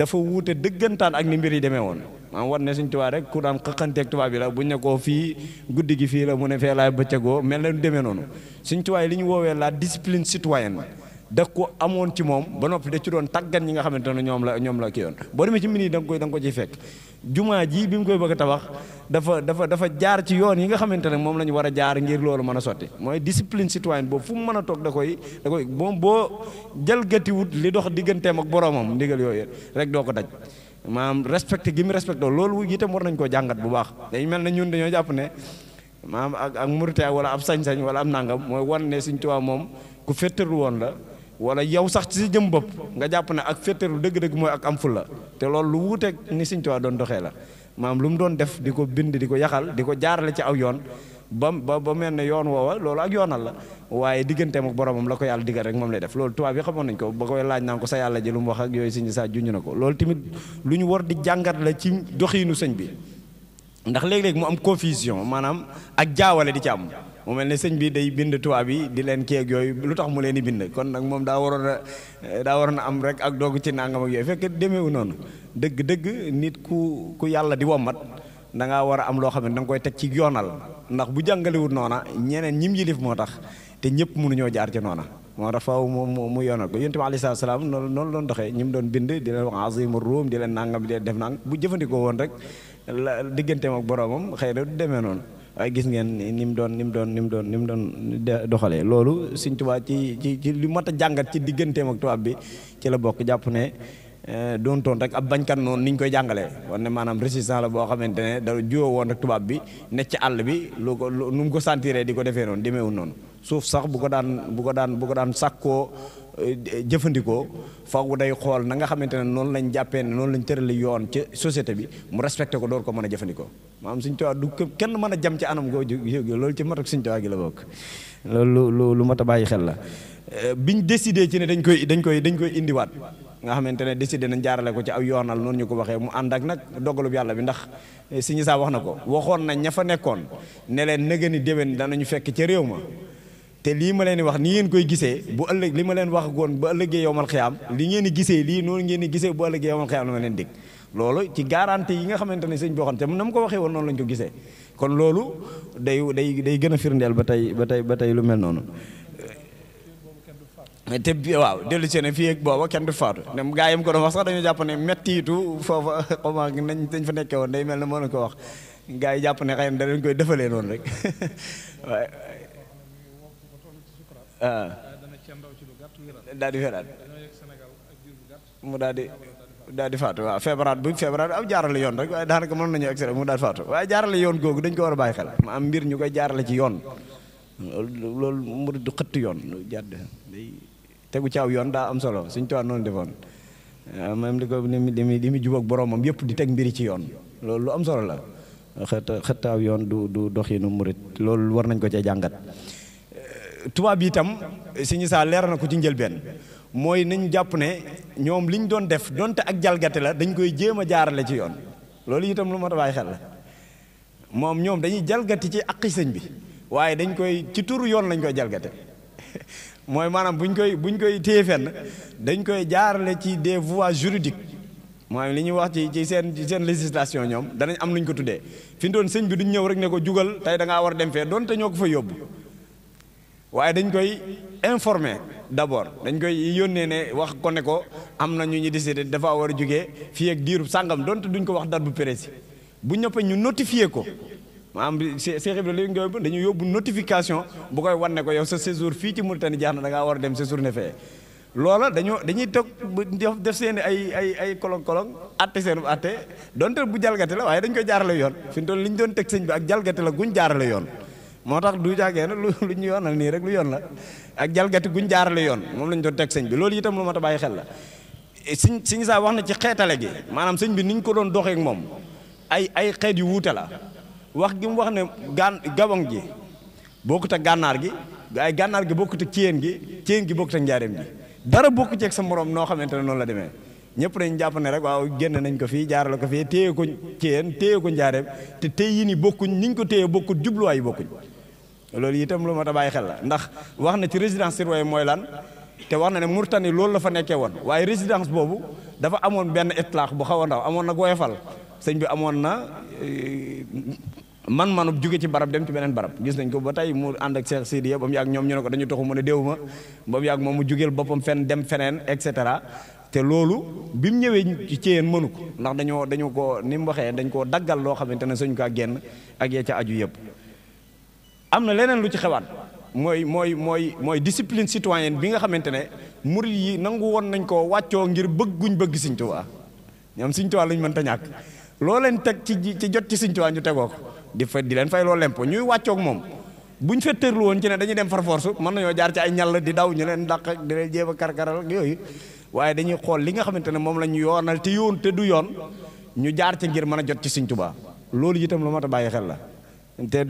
dafa wuute dëggantaan ak ni mbir yi demee woon maam war ne Sëñ Tuubaa rek ku daan xëqanteeg tubaab bi la buñ ne fii guddi gi fii la mu ne fee laay bëccëgoo mel na demee noonu Sëñ Tuubaa li ñu woowee la discipline citoyenne da ko amoon ci moom ba noppi da ci doon tàggat ñi nga xamante ne ñoom la ñoom la ki yoon boo demee ci yi da nga koy da nga ko ciy fekk jumaa ji bi mu koy bëgg a tabax dafa dafa dafa jaar ci yoon yi nga xamante ne moom la ñu war a jaar ngir loolu mën a sotti mooy discipline citoyenne boobu fu mën a toog da koy da koy moom boo jalgatiwut li dox digganteem ak boroomam ndigal yooyu rek doo ko daj maanaam respecté gi mu respecté loolu itam war nañ koo jàngat bu baax dañ mel ne ñun dañoo jàpp ne maam ak ak murite wala ab sañ-sañ wala am nangam mooy wan ne Sëñ Tuubaa moom ku féttaru woon la wala yow sax ci jëm bopp nga jàpp ne ak féeteru dëgg-dëgg mooy ak am fulla te loolu lu wuuteeg ni Sëñ Tuubaa doon doxee la maam lu mu doon def di ko bind di ko yaxal di ko jaarale ci aw yoon ba ba ba mel ne yoon woowa loolu ak yoonal la waaye digganteem ak boromam la ko yàlla digal rek moom lay def loolu tubaab yi xamoon nañ ko ba koy laaj naan ko sa yàlla ji lu mu wax ak yooyu sëñ sa junj na ko loolu tamit lu ñu war di jàngat la ci doxiinu sëñ bi ndax léeg-léeg mu am confusion maanaam ak jaawale di ci am mu mel ne sëñ bi day bind tuwaab yi di leen kii yooyu lu tax mu leen di bind kon nag moom daa waroon a daa waroon a am rek ak doogu ci nangam ak yooyu fekk demeewu noonu dëgg-dëgg nit ku ku yàlla di wommat da ngaa war a am loo xam ne da koy teg ci yoonal ndax bu jàngalewut noona ñeneen ñim yilif moo tax te ñëpp mënuñoo jaar ci noona moo tax mu mu yoonal ko yonent bi aleyhi salaatu salaam noonu noonu doon doxee ñi doon bind di leen wax azimu ruum di leen nangam di def nang bu jëfandikoo woon rek la digganteem ak boroomam xëy na du demee noonu gis ngeen ni mu doon ni mu doon ni mu doon ni mu doon doxalee loolu Sëñ Tuubaa ci ci ci lu mat a jàngat ci digganteem ak tubaab bi ci la bokk jàpp ne eh, doon toon rek a bañkat noonu ni ñu koy jàngalee war ne maanaam résistant la boo xamante ne da juyoo woon rek tubaab bi nekk ci àll bi lu ko nu ko sentiree di ko defee noonu demeewul noonu suuf sax bu ko daan bu ko daan bu jëfandikoo faw day xool na nga xamante ne noonu lañ jàppee ne noonu lañ tërali yoon ci société bi mu respecté ko door ko mën a jëfandikoo maanaam Sëñ Tuubaa du kenn mën a jam ci anam goo loolu ci matak Sëñ Tuubaa gi la bokk loolu lu lu mat a bàyyi xel la eh, biñ décidé ci ne dañ koy dañ koy dañ koy indiwaat nga xamante ne décidé nañ jaarale ko ci aw yoonal noonu ñu ko waxee mu ànd ak nag dogalub yàlla bi ndax eh, Sëñ Isaa wax na ko waxoon nañ ña fa nekkoon ne leen nëgëni déwén ñu fekk ci réew ma te lii ma leen di wax ni ngeen koy gisee bu ëllëg li ma leen wax goon bu ëllëgee yowmal xiyaam li ngeen di gisee lii noonu ngeen di gisee bu ëllëgee yowmal xiyaam la ma leen dégg loolu ci garantie yi nga xamante ne sëñ bi waxoon te na mu ko waxee woon noonu lañ kon loolu day day day gën a firndeel ba tey ba tey ba tey lu mel noonu te waaw dellu si ne fii ak booba kenn du faatu dem gaa yi mu ko doon wax sax dañoo jàpp ne méttiitu foofa xoma nañ dañ fa nekkee woon day mel ne moo ko wax gaa yi jàpp ne xëy na da dañ koy defalee noonu rek Ah. daal di feraat mu daal di daal di faatu waaw feebaraat bu feebaraat am jaarale yoon rek waaye daanaka mën nañu extra mu daal di faatu waaye jaarale yoon googu dañ ko war a bàyyi xel ma am mbir ñu koy jaarale ci yoon loolu mu du xëtt yoon jàdd day tegu caaw yoon daa am solo suñ tuwaa noonu defoon ah, même li ko li muy li muy jubóog boromam yëpp di teg mbiri ci yoon loolu lu am solo la xëtt xëttaaw yoon du du nu murit loolu war nañ ko cee jàngat tubaab yi itam sëñ Issa leer na ko ci njëlbeen mooy nañ jàpp ne ñoom li ñu doon def donte ak jalgate la dañ koy jéem a jaarale ci yoon loolu itam lu mat a xel la moom ñoom dañuy jalgati ci aqi sëñ bi waaye dañ koy ci turu yoon lañ koy jalgate mooy maanaam buñ koy buñ koy téye fenn dañ koy jaarale ci des voies juridiques mooy li ñuy wax ci ci seen ci seen législation ñoom danañ am nuñ ko tuddee fi doon sëñ bi duñ ñëw rek ne ko jugal tey da ngaa war dem fee doonte ñoo ko fa yóbbu waaye dañ koy informer d'abord dañ koy yónnee ne wax ko ne ko am na ñu ñu décidé dafa war a jógee fii ak diiru sàngam donte duñ ko wax dar bu précis bu ñëppee ñu notifié ko maanaam Cheikh bi léegi nga yóbbu dañu yóbbu notification bu koy wan ko yow sa séjour fii ci Mauritanie jaax na da ngaa war a dem séjour ne fee loola dañoo dañuy toog def seen ay ay ay kolong kolong atte seen atte donte bu jalgate la waaye dañ koy jaarale yoon fi mu li ñu doon teg sëñ bi ak jalgate la guñ jaarale yoon moo tax du jaagee na lu lu ñu yoonal nii rek lu yoon la ak jalgati guñ jaarale yoon moom lañ doon teg sëñ bi loolu itam lu ma ta bàyyi xel la sëñ sëñ saa wax na ci xeetale gi maanaam sëñ bi niñ ko doon doxee moom ay ay xeet yu wuute la wax gi wax ne gaan gabon gi bokkut ak gànnaar gi ay gànnaar gi bokkut ak céen gi céen gi bokkut ak njaareem gi dara bokku ceeg sa moroom noo xamante ne noonu la demee ñëpp dañ jàpp ne rek waaw génn nañ ko fii jaarale ko fii téye ko céen téye ko te téye yi ni bokkuñ niñ ko téye bokkut jubluwaay yi bokkuñ loolu itam lu mat a bàyyi xel la ndax wax na ci résidence surveillée mooy lan te wax na ne Murtani loolu la fa nekkee woon waaye résidence boobu dafa amoon benn itlaax bu xaw a ndaw amoon na goyefal sëñ bi amoon na man manub juge ci barab dem ci beneen barab gis nañ ko ba tey mu ànd ak Cheikh Sidiya ba mu yàgg ñoom ñu ne ko dañu toxu mu ne déew ma ba mu yàgg moom mu jugeel boppam fenn dem feneen et cetera te loolu bi mu ñëwee ci ceyeen mënu ko ndax dañoo dañu ko ni mu waxee dañ koo daggal loo xamante ne suñ ko génn ak ca aju yëpp am na leneen lu ci xewaat mooy mooy mooy mooy discipline citoyenne bi nga xamante ne mur yi nangu woon nañ koo wàccoo ngir bëgguñ bëgg Sëñ Tuubaa ñoom Sëñ Tuubaa lañ mënta ñàkk loo leen teg ci ci jot ci Sëñ ñu tegoo ko di di leen fay loo lempo ñuy wàccoog moom buñ fetteerlu woon ci ne dañuy dem far force mën nañoo jaar ci ay ñàll di daw ñu leen dàq ak a karkaral ak yooyu waaye dañuy xool li nga xamante ne moom la ñu yoonal te yoon te du yoon ñu jaar ci ngir mën a jot ci Sëñ loolu itam lu mat a bàyyi xel la te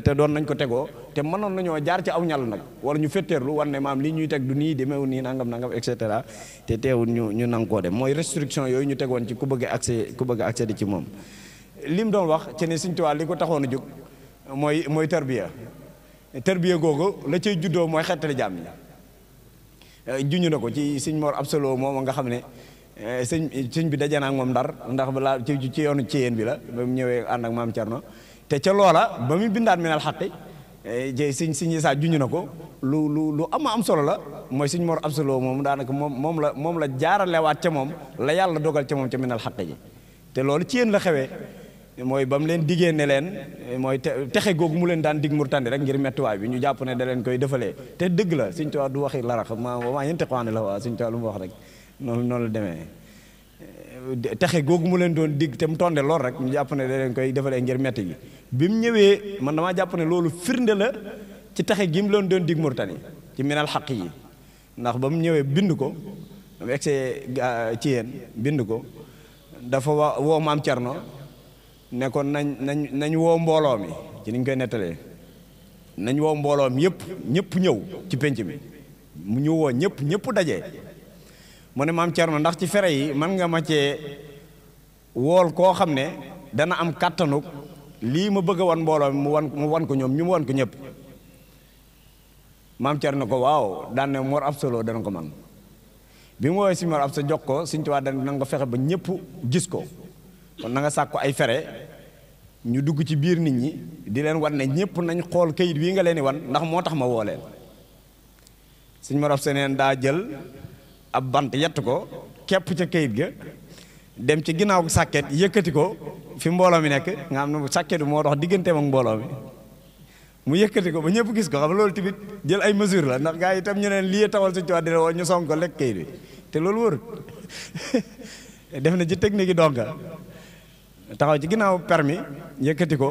te doon nañ ko tegoo te mënoon nañoo jaar ci aw ñal nag wala ñu fetteerlu war ne maam li ñuy teg du nii demeewul nii nangam nangam et cetera te teewul ñu ñu nang koo dem mooy restriction yooyu ñu tegoon ci ku bëgg accès ku bëgg accès di ci moom mu doon wax ci ne Sëñ waa li ko taxoona a jóg mooy mooy tarbiya tarbiya googu la cay juddoo mooy xettali jaam ñi eh, juñu na ko ci Sëñ Mor Absolo moom nga xam ne eh, sëñ sëñ bi daje na moom ndar ndax balaa ci ci yoonu ci bi la ñëwee ànd ak maam Thierno te ca loola ba muy bindaat minal xaqi eh, jë siñ siñ isaa juñu na ko lu lu lu ama am solo la mooy suñ mor absolo moom daanaka moom moom la moom la jaaralewaat ca moom la yàlla dogal ca moom ca minal xaqi ji te loolu ci yéen la xewee mooy ba mu leen diggee ne leen mooy te texe googu mu leen daan dig murtandi rek ngir mettuwaay bi ñu jàpp ne da leen koy defalee te dëgg la suñ tuwaa du waxi larax ma maa yente xo ne la waa suñ tuwaa lu mu wax rek noonu noonu la demee texe googu mu leen doon digg te mu tonde lool rek ñu jàpp ne da leen koy defalee ngir metti bi mu ñëwee man damaa jàpp ne loolu firnde la ci texe gi mu leen doon digg Murtani ci menal xaq yi ndax ba mu ñëwee bind ko mu egsee ah, ci yéen bind ko dafa woo maam Cerno nekkoon ko nañ nañ nañ woo mbooloo mi ci niñ koy nettalee nañ woo mbooloomi mi yëpp ñëpp ñëw ci penc mi mu ñu woo ñëpp ñëpp daje mu ne maam Thierno ndax ci fere yi man nga ma cee wool koo xam ne dana am kàttanuk lii ma bëgg a wan mbooloo mu wan mu wan ko ñoom ñu mu wan ko ñépp maam Thierno ko waaw daan ne Mor Absa Lo dana ko man bi mu woowee si Mor Absa jox ko waa Tuubaa dana nga fexe ba ñëpp gis ko kon na nga sàkku ay fere ñu dugg ci biir nit ñi di leen wan ne ñëpp nañ xool kayit wii nga leen di wan ndax moo tax ma woo leen Sëñ Mor Absa neen daa jël ab bant yett ko képp ca kayit ga dem ci ginnaaw sàkket yëkkati ko fi mbooloo mi nekk nga xam ne sàkket bi moo dox digganteem ak mbooloo mi mu yëkkati ko ba ñëpp gis ko xam loolu tamit jël ay mesure la ndax gaa yi itam ñu ne lii tawal suñu coono dina woon ñu song ko lekk kayit bi te loolu wër def na ci technique yi donc taxaw ci ginnaaw permi yëkkati ko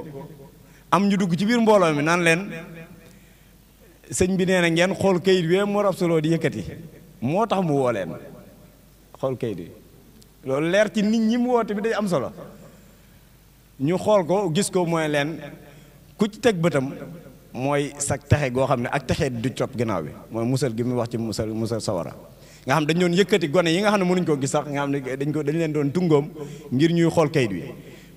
am ñu dugg ci biir mbooloo mi naan leen sëñ bi nee na ngeen xool kayit bi moo rab solo di yëkkati. moo tax mu woo leen xool kayit yi loolu leer ci nit ñi mu woote bi day am solo ñu xool ko gis ko mooy leen ku ci teg bëtam mooy sak texe goo xam ne ak texe du cop ginnaaw bi mooy musal gi mu wax ci musal musal sawara nga xam dañ doon yëkkati gone yi nga xam ne mënuñ koo gis sax nga xam ne dañ ko dañ leen doon tungoom ngir ñuy xool kayit wi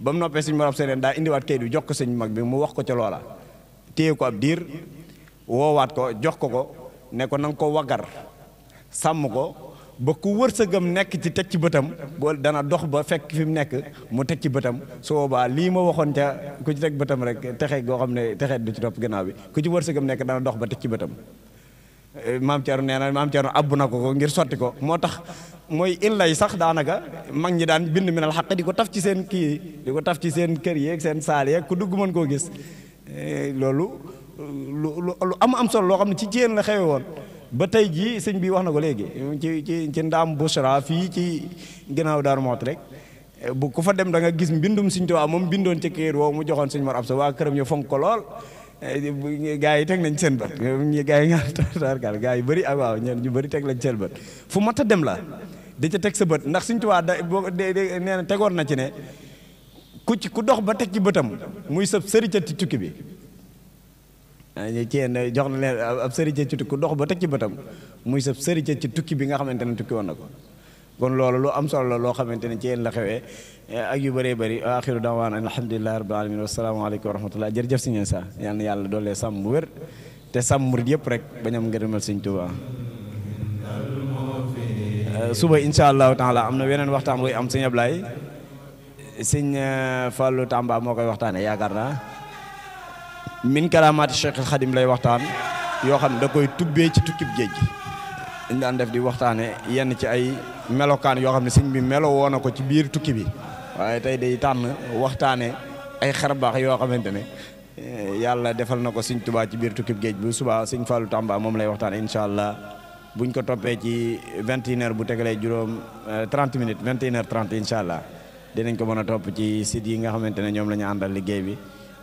ba mu noppee suñ morom indiwaat kayit wi jox ko sëñ mag bi mu wax ko ca loola téye ko ab diir woowaat ko jox ko ko ne ko na nga ko waggar sàmm ko ba ku wërsëgam nekk ci teg ci bëtam boo dana dox ba fekk fi mu nekk mu teg ci bëtam su boobaa lii ma waxoon ca ku ci teg bëtam rek texe goo xam ne texe du ci topp gannaaw bi ku ci wërsëgam nekk dana dox ba teg ci bëtam eh, maam Thierno nee na maam Thierno abbu na ko ko ngir sotti ko moo tax mooy illa yi sax daanaka mag ñi daan bind mi xaq di ko taf ci seen kii di ko taf ci seen kër yeeg seen saal yeeg ku dugg mën koo gis eh, loolu lu lu am am solo loo xam ne ci jéen la xewe woon ba tey jii sëñ bi wax na ko léegi ci ci ci ndaam Bouchra fii ci ginnaaw Daaru Moot rek bu ku fa dem da gis mbindum sëñ Tuubaa moom bindoon ci këyit woowu mu joxoon sëñ Mor Absa waa këram ñu fonk ko lool eh, gaa yi teg nañ seen bët gaa yi nga tarkal gaa yi bëri ak ah, waaw ñeen ñu bëri teg lañ seen bët fu mat a dem la di ca teg sa bët ndax sëñ Tuubaa da nee na tegoon na ci ne ku ci ku dox ba teg ci bëtam muy sëb sëri ca ci tukki bi ceen jox na leen ab sërite ci dox ba teg ci bëtam muy sa sërite ci tukki bi nga xamante ne tukki woon na ko kon loolu lu am solo la loo xamante ne ci yéen la xewee ak yu baree bari axiru dawaan alhamdulilahi rabbil alamin wasalaamaaleykum wa rahmatullah jërëjëf si ngeen sax yal na yàlla doolee sàmm bu wér te sàmm murid rek bañam nga demal sëñ Tuubaa euh, suba insha allahu taala am na weneen waxtaan buy am sëñ Ablaye sëñ euh, Fallou Tamba moo koy waxtaane yaakaar naa min karaamaati Cheikh Khadim lay waxtaan yoo xam ne da koy tubbee ci tukkib géej gi dañ daan def di waxtaane yenn ci ay melokaan yoo xam ne sëñ bi melo woon na ko ci biir tukki bi waaye tey day tànn waxtaane ay xarbaax yoo xamante ne eh, yàlla defal na ko sëñ Tuubaa ci biir tukkib géej bu subaa sëñ Fallou Tamba moom lay waxtaan incha allah buñ ko toppee ci vingt et une bu tegalee juróom eh, trente minutes vingt et une heures trente incha allah dinañ ko mën a topp ci site yi nga xamante ne ñoom la ñu àndal liggéey bi